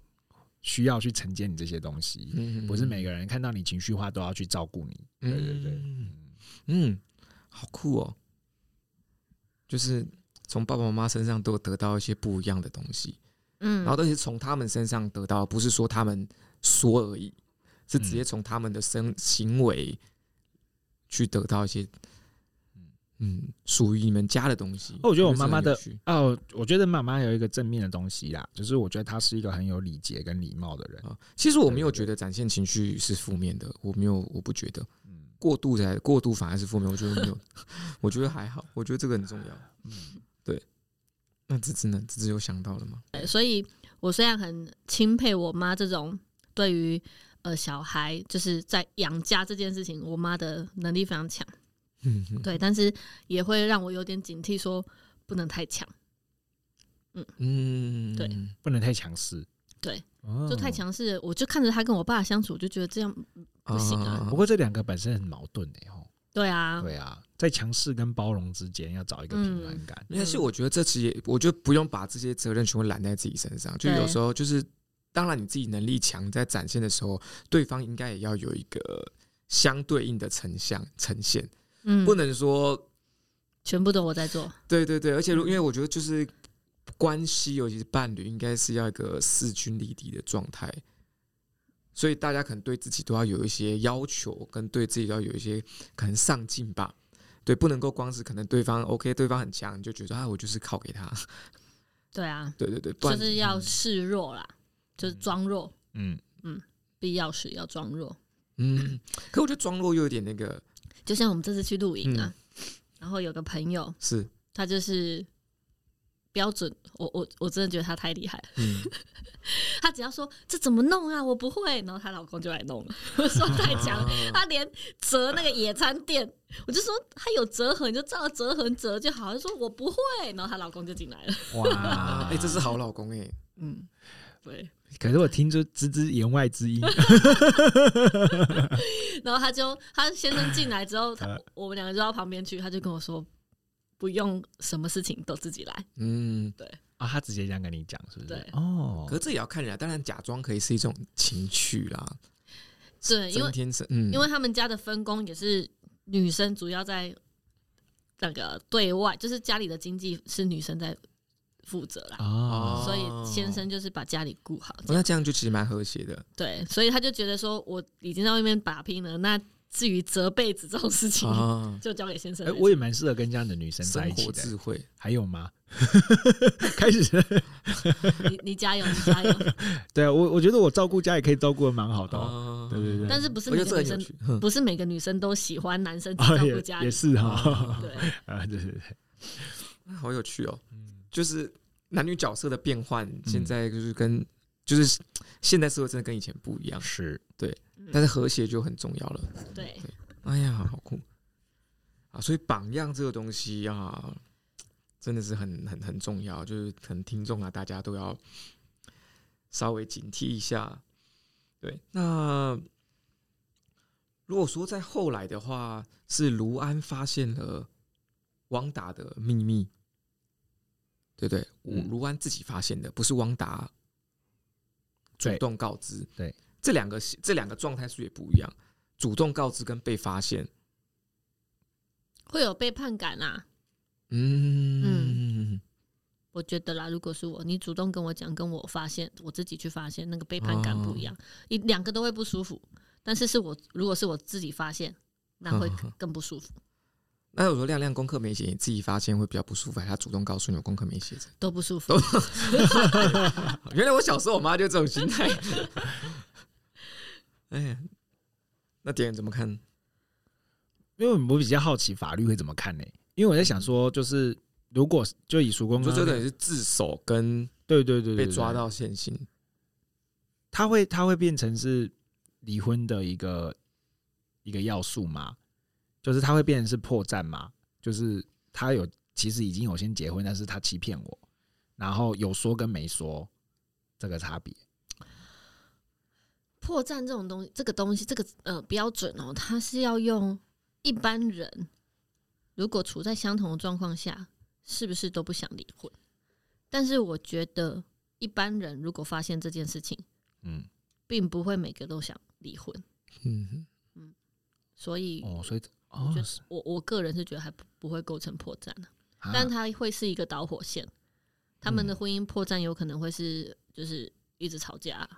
需要去承接你這些東西，嗯嗯不是每個人看到你情緒化都要去照顧你。對對對，嗯。嗯好酷哦！就是從爸爸媽媽身上都得到一些不一樣的東西，嗯，然後都是從他們身上得到，不是說他們說而已，是直接從他們的身行為去得到一些、嗯，嗯、嗯，屬於你們家的東西。我覺得我媽媽的哦，我覺得媽媽有、哦、有一個正面的東西啦，就是我覺得她是一個很有禮節跟禮貌的人、嗯。其實我沒有覺得展現情緒是負面的，我沒有，我不覺得。過度的過度反而是負面，我覺得沒有，我覺得還好，我覺得這個很重要。嗯、對，那芝芝呢？芝芝有想到了嗎？哎，所以我雖然很欽佩我媽這種對於呃小孩就是在養家這件事情，我媽的能力非常強。嗯，對，但是也會讓我有點警惕，說不能太強。嗯嗯，對，不能太強勢。對，就太強勢，我就看着她跟我爸相處，就覺得這樣。不行啊！不過這兩個本身很矛盾的吼。對啊，對啊，在強勢跟包容之間要找一個平衡感。嗯、但是我覺得這次也，我覺得不用把這些責任全部攬在自己身上。就有時候就是，對當然你自己能力強，在展現的時候，對方應該也要有一個相對應的成像呈現。嗯。不能說全部都我在做。對對對，而且、嗯、因為我覺得就是關係，尤其是伴侶，應該是要一個勢均力敵的狀態。所以大家可能對自己都要有一些要求，跟對自己都要有一些可能上進吧。對，不能夠光是可能對方 OK，對方很強，你就覺得啊，我就是靠給他。對啊，對對對，就是要示弱啦，嗯、就是裝弱。嗯嗯，必要時要裝弱。嗯，嗯，可我覺得裝弱又有點那個。就像我們這次去露營啊，嗯、然後有個朋友是，他就是。標準，我我我真的覺得他太厲害！嗯， 他只要說，這怎麼弄啊，我不會，然後她老公就來弄 了。我說太強了，他連折那個野餐墊， 我就說他有折痕就照着折痕折就好。他說我不會，然後她老公就進來了。哇，哎、 欸，這是好老公哎、欸。嗯，對，可是我聽出之之言外之意。 然後他就他先生進來之後，他我們兩個就到旁邊去，他就跟我說。不用什麼事情都自己來，嗯，對啊，他直接這樣跟你講，是不是？對哦，可這也要看人家，當然假裝可以是一種情趣啦。對，因為天生，嗯、因為他們家的分工也是女生主要在那個對外，就是家裡的經濟是女生在負責啦，哦，所以先生就是把家裡顧好、哦，那這樣就其實蠻和諧的。對，所以他就覺得說我已經在外面打拼了，那。至於折被子這種事情，就交給先生。哎，我也蠻適合跟這樣的女生在一起的。智慧還有嗎？開始，你你加油，你加油。對啊，我我覺得我照顧家也可以照顧的蠻好的。對對對，但是不是每個女生不是每個女生都喜歡男生照顧家也是哈。對啊，對對對，好有趣哦。就是男女角色的變換，現在就是跟就是現代社會真的跟以前不一樣。是。但是和諧就很重要了。嗯、對，哎呀，好酷啊！所以榜樣這個東西啊，真的是很很很重要，就是可能聽眾啊，大家都要稍微警惕一下。對，那如果說在後來的話，是盧安發現了汪達的秘密，對對，對？盧安自己發現的，嗯、不是汪達主動告知。對，對。這兩個這兩個狀態是不是也不一樣？主動告知跟被發現會有背叛感啊。嗯、嗯我覺得啦，如果是我，你主動跟我講，跟我發現，我自己去發現，那個背叛感不一樣，你、哦、兩個都會不舒服。但是是我如果是我自己發現，那會更不舒服。嗯嗯、那如果說亮亮功課沒寫，你自己發現會比較不舒服，還是他主動告訴你有功課沒寫？都不舒服。 原來我小時候我媽就這種心態。 哎，那點怎麼看？因為我比較好奇法律會怎麼看呢？欸？因為我在想說，就是如果就以熟工，就真的是自首跟對對對被抓到現行，他會他會變成是離婚的一個一個要素嗎？就是他會變成是破綻嗎？就是他有其實已經有先結婚，但是他欺騙我，然後有說跟沒說這個差別。破綻這種東西，這個東西，這個呃標準哦，它是要用一般人如果處在相同的狀況下，是不是都不想離婚？但是我覺得一般人如果發現這件事情，嗯，並不會每個都想離婚。嗯，所以，所以，就是我我個人是覺得還不不會構成破綻的啊，啊，但它會是一個導火線。他們的婚姻破綻有可能會是就是一直吵架啊。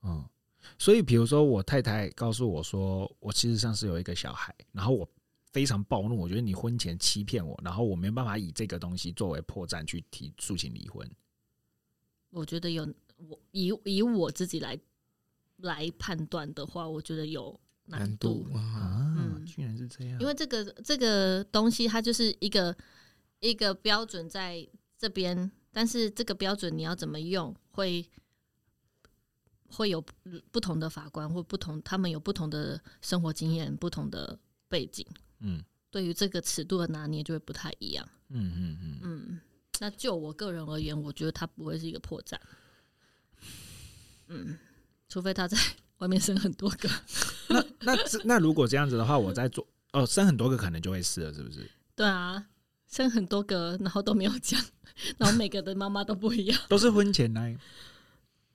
嗯。哦。所以，比如說，我太太告訴我說，我其實上是有一個小孩，然後我非常暴怒，我覺得你婚前欺騙我，然後我沒辦法以這個東西作為破綻去提訴請離婚。我覺得有我以以我自己來來判斷的話，我覺得有難度，難度，哇，嗯，居然是這樣。因為這個這個東西，它就是一個一個標準在這邊，但是這個標準你要怎麼用，會。會有不同的法官或不同，他們有不同的生活經驗、不同的背景，嗯，對於這個尺度的拿捏就會不太一樣，嗯嗯嗯，嗯，那就我個人而言，我覺得他不會是一個破綻，嗯，除非他在外面生很多個， 那那，那，那如果這樣子的話，我在做哦，生很多個可能就會死了，是不是？對啊，生很多個，然後都沒有講，然後每個的媽媽都不一樣， 都是婚前奶。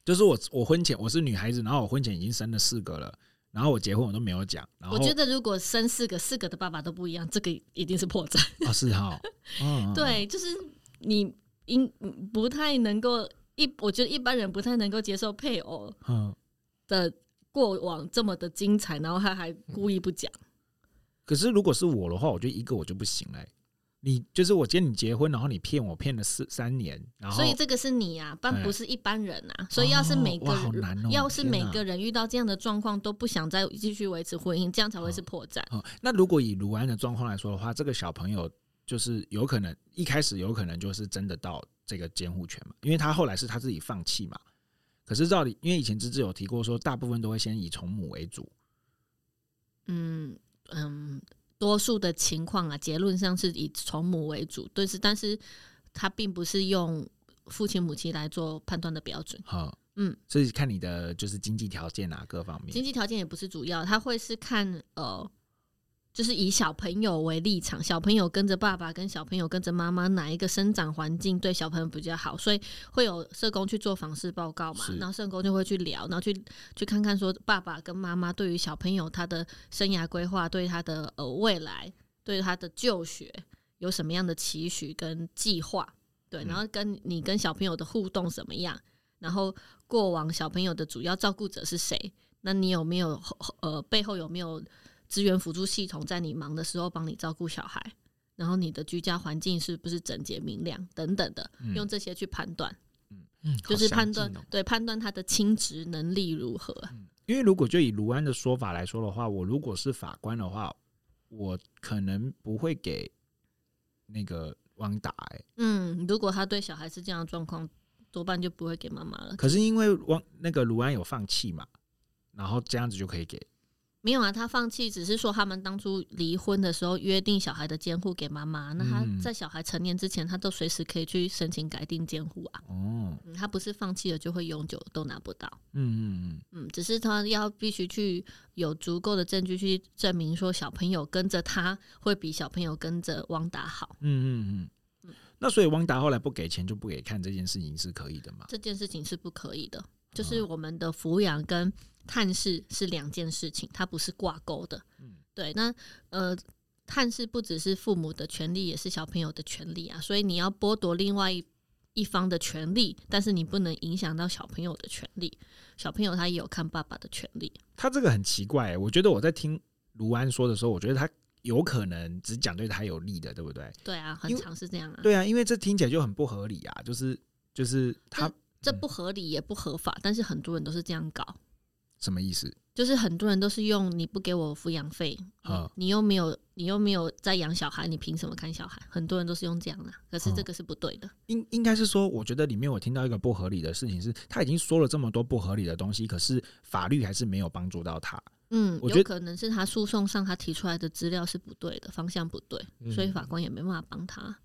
就是我，我婚前我是女孩子，然後我婚前已經生了四個了，然後我結婚我都沒有講。然後我覺得如果生四個，四個的爸爸都不一樣，這個一定是破綻。啊是哈，哦、 對，就是你應不太能夠一，我覺得一般人不太能夠接受配偶的過往這麼的精彩，然後他還故意不講。嗯、可是如果是我的話，我覺得一個我就不行嘞。你就是我見你結婚，然後你騙我騙了四三年，然後所以這個是你啊，但不是一般人吶、啊，嗯、所以要是每個、哦好難哦、要是每個人遇到這樣的狀況、啊、都不想再繼續維持婚姻，這樣才會是破綻、哦哦。那如果以盧安的狀況來說的話，這個小朋友就是有可能一開始有可能就是真的到這個監護權嘛，因為他後來是他自己放棄嘛。可是照理，因為以前芝芝有提過說，大部分都會先以從母為主。嗯嗯。嗯多數的情況啊，結論上是以從母為主，但是，但是，他並不是用父親母親來做判斷的標準。好，哦，嗯，所以看你的就是經濟條件啊，各方面。經濟條件也不是主要，他會是看呃。就是以小朋友為立場，小朋友跟着爸爸，跟小朋友跟着媽媽，哪一個生長環境對小朋友比較好？所以會有社工去做訪視報告嘛？然後社工就會去聊，然後去去看看說爸爸跟媽媽對於小朋友他的生涯規劃、對他的呃未來、對他的就學有什麼樣的期許跟計劃？對，然後跟你跟小朋友的互動怎麼樣？然後過往小朋友的主要照顧者是誰？那你有沒有呃背後有沒有？資源輔助系統在你忙的時候幫你照顧小孩，然後你的居家環境是不是整潔明亮等等的，嗯、用這些去判斷，嗯，嗯，就是判斷、哦、對，判斷他的親職能力如何，嗯。因為如果就以盧安的說法來說的話，我如果是法官的話，我可能不會給那個汪達、欸。哎，嗯，如果他對小孩是這樣狀況，多半就不會給媽媽了。可是因為汪那個盧安有放棄嘛，然後這樣子就可以給？沒有啊，他放棄只是說他們當初離婚的時候約定小孩的監護給媽媽，嗯、那他在小孩成年之前，他都隨時可以去申請改定監護啊。哦、嗯，他不是放棄了就會永久都拿不到。嗯嗯嗯嗯，只是他要必須去有足夠的證據去證明說小朋友跟着他會比小朋友跟着汪達好。嗯嗯嗯，那所以汪達後來不給錢就不給看這件事情是可以的嗎？這件事情是不可以的。就是我們的撫養跟探視是兩件事情，它不是掛鈎的。嗯，對。那呃，探視不只是父母的權利，也是小朋友的權利啊。所以你要剝奪另外一一方的權利，但是你不能影響到小朋友的權利。小朋友他也有看爸爸的權利。他這個很奇怪欸，我覺得我在聽盧安說的時候，我覺得他有可能只講對他有利的，對不對？對啊，很常是這樣啊。對啊，因為這聽起來就很不合理啊，就是就是他。這不合理也不合法，嗯、但是很多人都是這樣搞。什麼意思？就是很多人都是用你不給我撫養費，啊、哦，你又沒有你又沒有在養小孩，你憑什麼看小孩？很多人都是用這樣的，可是這個是不對的。哦、應應該是說，我覺得裡面我聽到一個不合理的事情是，他已經說了這麼多不合理的東西，可是法律還是沒有幫助到他。嗯，我覺得可能是他訴訟上他提出來的資料是不對的，方向不對，所以法官也沒辦法幫他。嗯。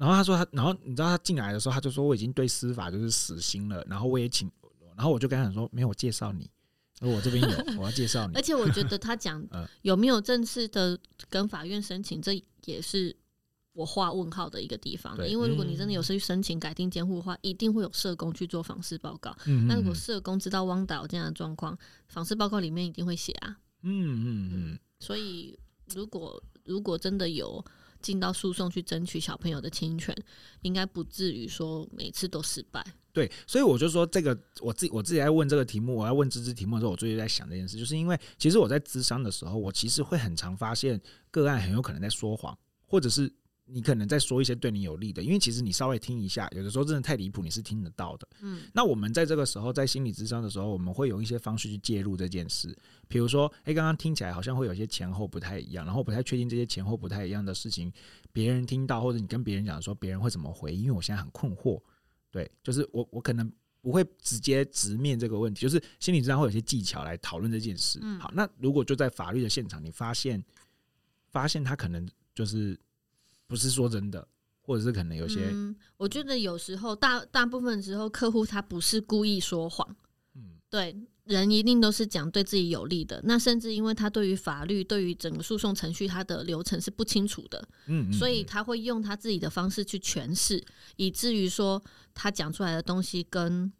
然後他說他，然後你知道他進來的時候，他就說我已經對司法就是死心了。然後我也請，然後我就跟他講說：，沒有介紹你，我這邊有，我要介紹你。 而且我覺得他講、 嗯、有沒有正式的跟法院申請，這也是我畫問號的一個地方。對因為如果你真的有去申請改定監護的話，一定會有社工去做訪視報告。那、嗯嗯嗯、如果社工知道汪達這樣的狀況，訪視報告裡面一定會寫啊。嗯嗯嗯，嗯。所以如果如果真的有，進到訴訟去爭取小朋友的親權，應該不至於說每次都失敗。對，所以我就說這個，我自己我自己在問這個題目，我要問這支題目的時候，我最近在想這件事，就是因為其實我在諮商的時候，我其實會很常發現個案很有可能在說謊，或者是。你可能在說一些對你有利的，因為其實你稍微聽一下，有的時候真的太離譜，你是聽得到的。嗯，那我們在這個時候，在心理諮商的時候，我們會有一些方式去介入這件事。比如說，哎、欸，剛剛聽起來好像會有些前後不太一樣，然後不太確定這些前後不太一樣的事情，別人聽到或者你跟別人講說，別人會怎麼回？因為我現在很困惑。對，就是我我可能不會直接直面這個問題，就是心理諮商會有些技巧來討論這件事。嗯、好，那如果就在法律的現場，你發現發現他可能就是。不是說真的，或者是可能有些，嗯，我覺得有時候大大部分時候客戶他不是故意說謊，嗯，對，人一定都是講對自己有利的。那甚至因為他對於法律、對於整個訴訟程序，他的流程是不清楚的，嗯嗯嗯，所以他會用他自己的方式去詮釋，以至於說他講出來的東西跟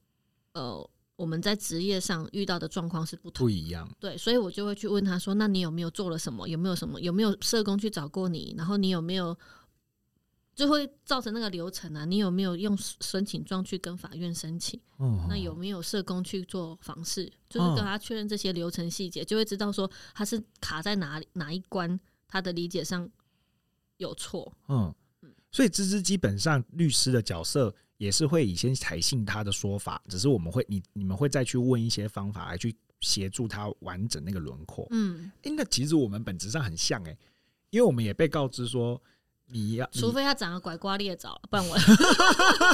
呃我們在職業上遇到的狀況是不同，不一樣，對。所以我就會去問他說：“那你有沒有做了什麼？有沒有什麼？有沒有社工去找過你？然後你有沒有？”就會造成那個流程啊，你有沒有用申請狀去跟法院申請？嗯、哦，那有沒有社工去做訪視，就是跟他確認這些流程細節，哦、就會知道說他是卡在哪哪一關，他的理解上有錯。嗯，嗯所以芝芝基本上律師的角色也是會以先採信他的說法，只是我們會你你們會再去問一些方法來去協助他完整那個輪廓。嗯，應、欸、那其實我們本質上很像哎、欸，因為我們也被告知說。你要你除非他長得拐瓜裂棗，不然我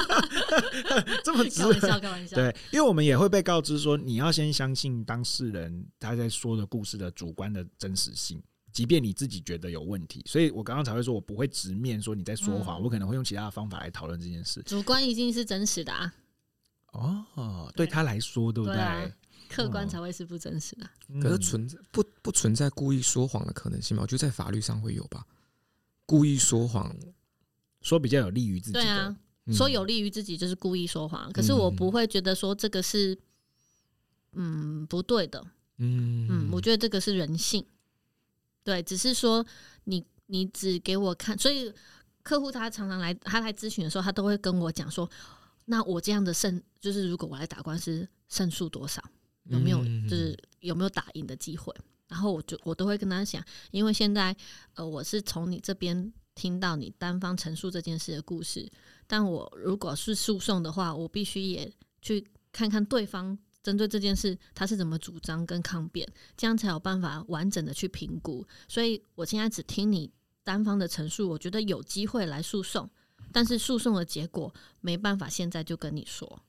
這麼開玩笑開玩笑。笑。對，因為我們也會被告知說，你要先相信當事人他在說的故事的主觀的真實性，即便你自己覺得有問題。所以我剛剛才會說，我不會直面說你在說謊，嗯、我可能會用其他的方法來討論這件事。主觀一定是真實的啊！哦，對他來說，對不對，對、啊？客觀才會是不真實的。嗯、可是存在不不存在故意說謊的可能性嘛？我覺得在法律上會有吧。故意說謊，說比較有利於自己。對啊，嗯、說有利於自己就是故意說謊。嗯、可是我不會覺得說這個是，嗯，不對的。嗯嗯，我覺得這個是人性。對，只是說你你只給我看，所以客戶他常常來，他來諮詢的時候，他都會跟我講說，那我這樣的勝，就是如果我來打官司，勝訴多少，有沒有就是有沒有打贏的機會？然後我就我都會跟他講，因為現在呃我是從你這邊聽到你單方陳述這件事的故事，但我如果是訴訟的話，我必須也去看看對方針對這件事他是怎麼主張跟抗辯，這樣才有辦法完整的去評估。所以我現在只聽你單方的陳述，我覺得有機會來訴訟，但是訴訟的結果沒辦法現在就跟你說。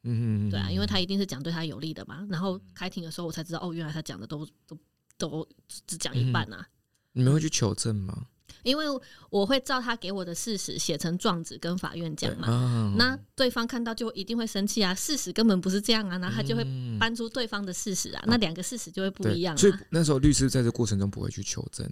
嗯嗯嗯，對啊，因為他一定是講對他有利的嘛。然後開庭的時候，我才知道哦，原來他講的都都都只講一半啊、嗯。你們會去求證嗎？因為我會照他給我的事實寫成狀子跟法院講嘛。對哦，那對方看到就一定會生氣啊，事實根本不是這樣啊。那他就會搬出對方的事實啊，嗯、哼那兩個事實就會不一樣、啊。所以那時候律師在這過程中不會去求證。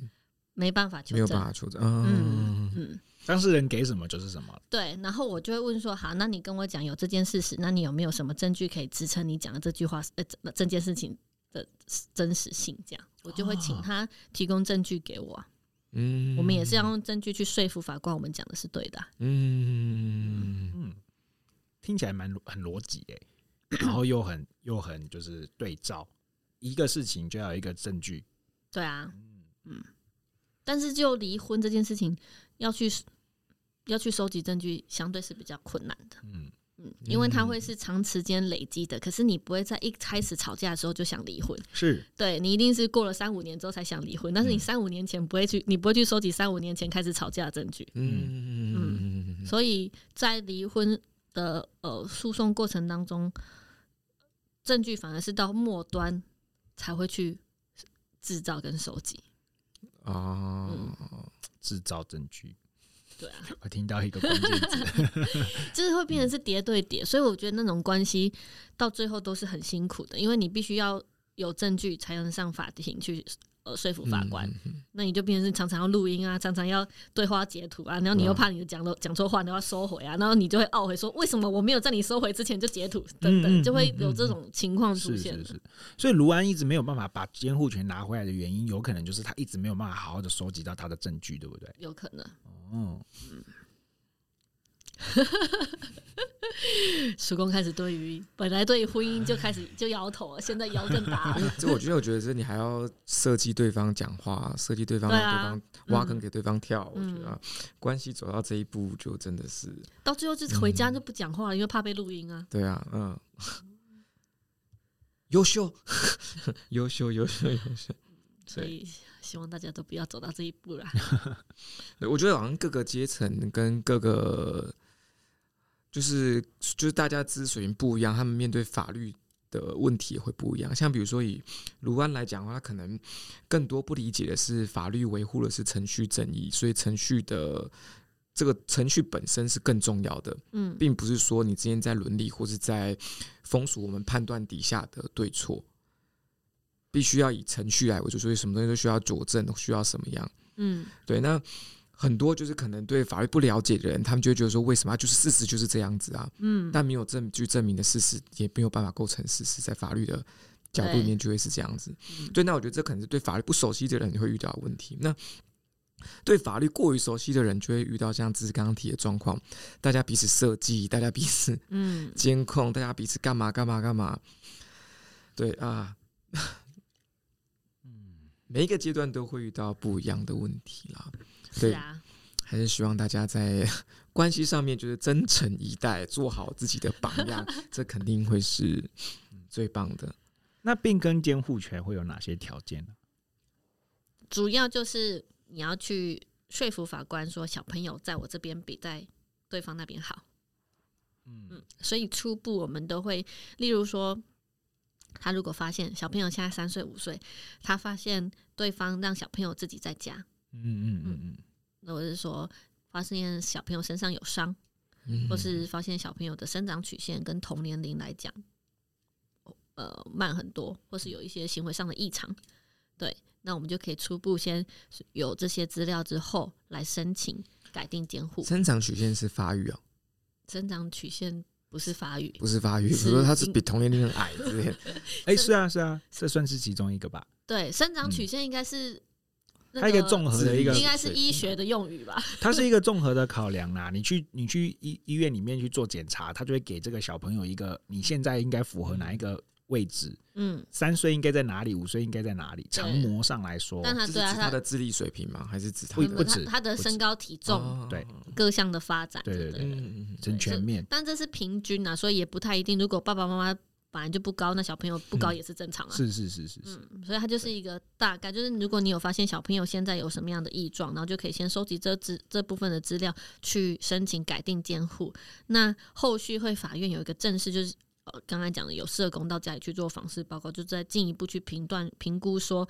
沒辦法糾正，沒有辦法糾正嗯嗯，嗯當事人給什麼就是什麼。對，然後我就會問說：好，那你跟我講有這件事實，那你有沒有什麼證據可以支撐你講的這句話？呃，這這件事情的真實性？這樣，我就會請他提供證據給我。哦、嗯，我們也是要用證據去說服法官，我們講的是對的。嗯嗯嗯，聽起來蠻很邏輯誒、欸， 然後又很又很就是對照一個事情就要一個證據。對啊，嗯。但是，就離婚這件事情要，要去要去收集證據，相對是比較困難的。嗯嗯，因為它會是長時間累積的，可是你不會在一開始吵架的時候就想離婚。是，對，你一定是過了三五年之後才想離婚，但是你三五年前不會去，你不會去收集三五年前開始吵架的證據。嗯嗯嗯。所以在離婚的呃訴訟過程當中，證據反而是到末端才會去製造跟收集。哦，嗯、製造證據，對啊，我聽到一個關鍵字， 就是會變成是疊對疊，嗯、所以我覺得那種關係到最後都是很辛苦的，因為你必須要有證據才能上法庭去。說服法官，嗯、那你就變成是常常要錄音啊，常常要對話截圖啊，然後你又怕你講了講錯話，你要收回啊，然後你就會懊悔說，為什麼我沒有在你收回之前就截圖，等等，嗯嗯嗯、就會有這種情況出現。是是是，所以盧安一直沒有辦法把監護權拿回來的原因，有可能就是他一直沒有辦法好好的收集到他的證據，對不對？有可能。哦。嗯哈哈哈！叔 公開始對於，本來對於婚姻就開始就搖頭，現在搖更大。就我覺得，我覺得是你還要設計對方講話，設計對方，讓對方挖坑給對方跳。我覺得關係走到這一步，就真的是，嗯嗯、到最後就是回家就不講話，因為怕被錄音啊、嗯。對啊，嗯，優秀，優 秀，優秀，優秀。所以希望大家都不要走到這一步啦。 我覺得好像各個階層跟各個。就是就是大家知識水平不一樣，他們面對法律的問題也會不一樣。像比如說以盧安來講的話，他可能更多不理解的是法律維護的是程序正義，所以程序的這個程序本身是更重要的。嗯，並不是說你之前在倫理或是在風俗我們判斷底下的對錯，必須要以程序來為主，所以什麼東西都需要佐證，需要什麼樣？嗯，對，那。很多就是可能對法律不了解的人，他們就會覺得說：“為什麼就是事實就是這樣子啊？”嗯，但沒有證據證明的事實，也沒有辦法構成事實，在法律的角度裡面就會是這樣子。對，嗯、對，那我覺得這可能是對法律不熟悉的人會遇到問題。那對法律過於熟悉的人，就會遇到像知識剛剛提的狀況，大家彼此設計，大家彼此嗯監控，大家彼此幹嘛幹嘛幹嘛。嗯、對啊，嗯，每一個階段都會遇到不一樣的問題啦。對啊，還是希望大家在關係上面就是真誠以待，做好自己的榜樣， 這肯定會是最棒的。 那變更監護權會有哪些條件呢？主要就是你要去說服法官說，小朋友在我這邊比在對方那邊好。嗯，所以初步我們都會，例如說，他如果發現小朋友現在三歲五歲，他發現對方讓小朋友自己在家，嗯嗯嗯，嗯。或者是說發現小朋友身上有傷，嗯、哼或是發現小朋友的生長曲線跟同年齡來講，呃慢很多，或是有一些行為上的異常，對，那我們就可以初步先有這些資料之後來申請改定監護。生長曲線是發育哦、喔，生長曲線不是發育，不是發育，只是說他英是比同年齡很矮，這哎，是啊是啊，這算是其中一個吧？對，生長曲線應該是。它一個綜合的一個，應該是醫學的用語吧。它是一個綜合的考量啦，你去你去醫醫院裡面去做檢查，它就會給這個小朋友一個，你現在應該符合哪一個位置？嗯，三歲應該在哪裡？五歲應該在哪裡？常模上來說，是指他的智力水平嗎？還是指他的身高體重？對，各項的發展，對對對，很全面。但這是平均啊，所以也不太一定。如果爸爸媽媽，本來就不高，那小朋友不高也是正常啊。嗯、是是是是是、嗯，所以他就是一個大概，對，就是如果你有發現小朋友現在有什麼樣的異狀，然後就可以先收集這這這部分的資料，去申請改定監護。那後續會法院有一個正式，就是呃，剛才講的有社工到家裡去做訪視報告，就再進一步去評斷評估說，說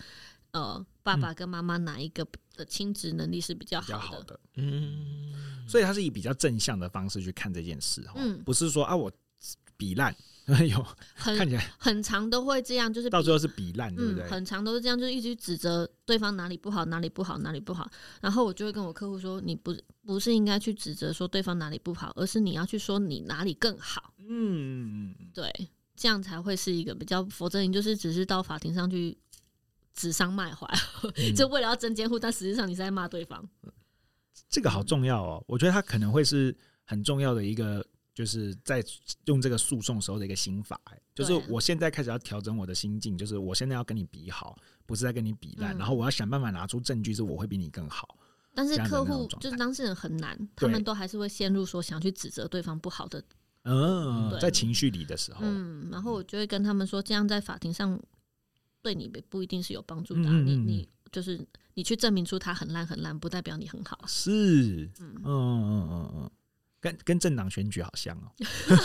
呃，爸爸跟媽媽哪一個的親職能力是比較好的。好的，嗯，所以他是以比較正向的方式去看這件事，嗯，不是說啊我比爛。哎呦， 有很看起來很常，都會這樣，就是到最後是比爛，對不對？嗯、很常都是這樣，就是一直指責對方哪裡不好，哪裡不好，哪裡不好。然後我就會跟我客戶說，你不不是應該去指責說對方哪裡不好，而是你要去說你哪裡更好。嗯，對，這樣才會是一個比較。否則你就是只是到法庭上去指桑罵槐，嗯、 就為了要爭監護，但實際上你是在罵對方、嗯。這個好重要哦，我覺得它可能會是很重要的一個。就是在用這個訴訟時候的一個心法，就是我現在開始要調整我的心境，就是我現在要跟你比好，不是在跟你比爛，嗯、然後我要想辦法拿出證據，是我會比你更好。但是客戶就是當事人很難，對他們都還是會陷入說想去指責對方不好的，嗯，對嗯，在情緒裡的時候，嗯，然後我就會跟他們說，這樣在法庭上對你不一定是有幫助的、啊，嗯、你你就是你去證明出他很爛很爛，不代表你很好，是，嗯嗯嗯嗯嗯。哦哦哦哦。跟跟政黨選舉好像哦，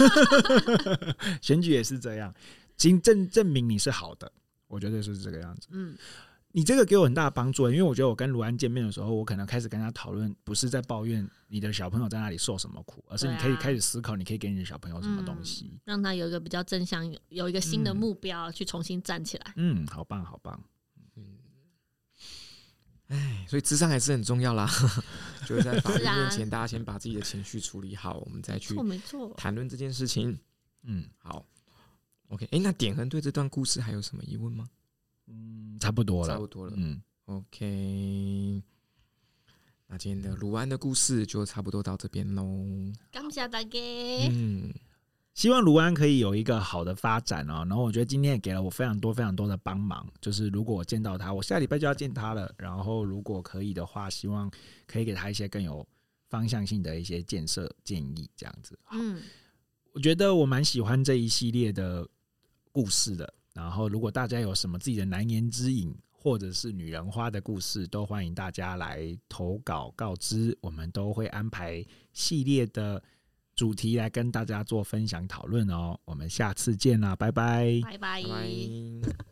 選舉也是這樣，經證證明你是好的，我覺得是這個樣子。嗯，你這個給我很大的幫助，因為我覺得我跟盧安見面的時候，我可能開始跟他討論，不是在抱怨你的小朋友在那裡受什麼苦，而是你可以開始思考，你可以給你的小朋友什麼東西，嗯，讓他有一個比較正向，有一個新的目標去重新站起來。嗯，嗯，好棒，好棒。哎，所以智商還是很重要啦。 就是在法律面前，然大家先把自己的情緒處理好，我們再去談論這件事情。嗯錯，好，OK。哎，那點衡對這段故事還有什麼疑問嗎？嗯，差不多了，差不多了。嗯，OK。那今天的盧安的故事就差不多到這邊嘍。感謝大家。嗯。希望盧安可以有一個好的發展哦、啊。然後我覺得今天也給了我非常多、非常多的幫忙。就是如果我見到他，我下禮拜就要見他了。然後如果可以的話，希望可以給他一些更有方向性的一些建設建議，這樣子。嗯，我覺得我蠻喜歡這一系列的故事的。然後如果大家有什麼自己的男言之隱，或者是女人花的故事，都歡迎大家來投稿告知，我們都會安排系列的主題來跟大家做分享討論哦，我們下次見啦，拜拜，拜拜。拜拜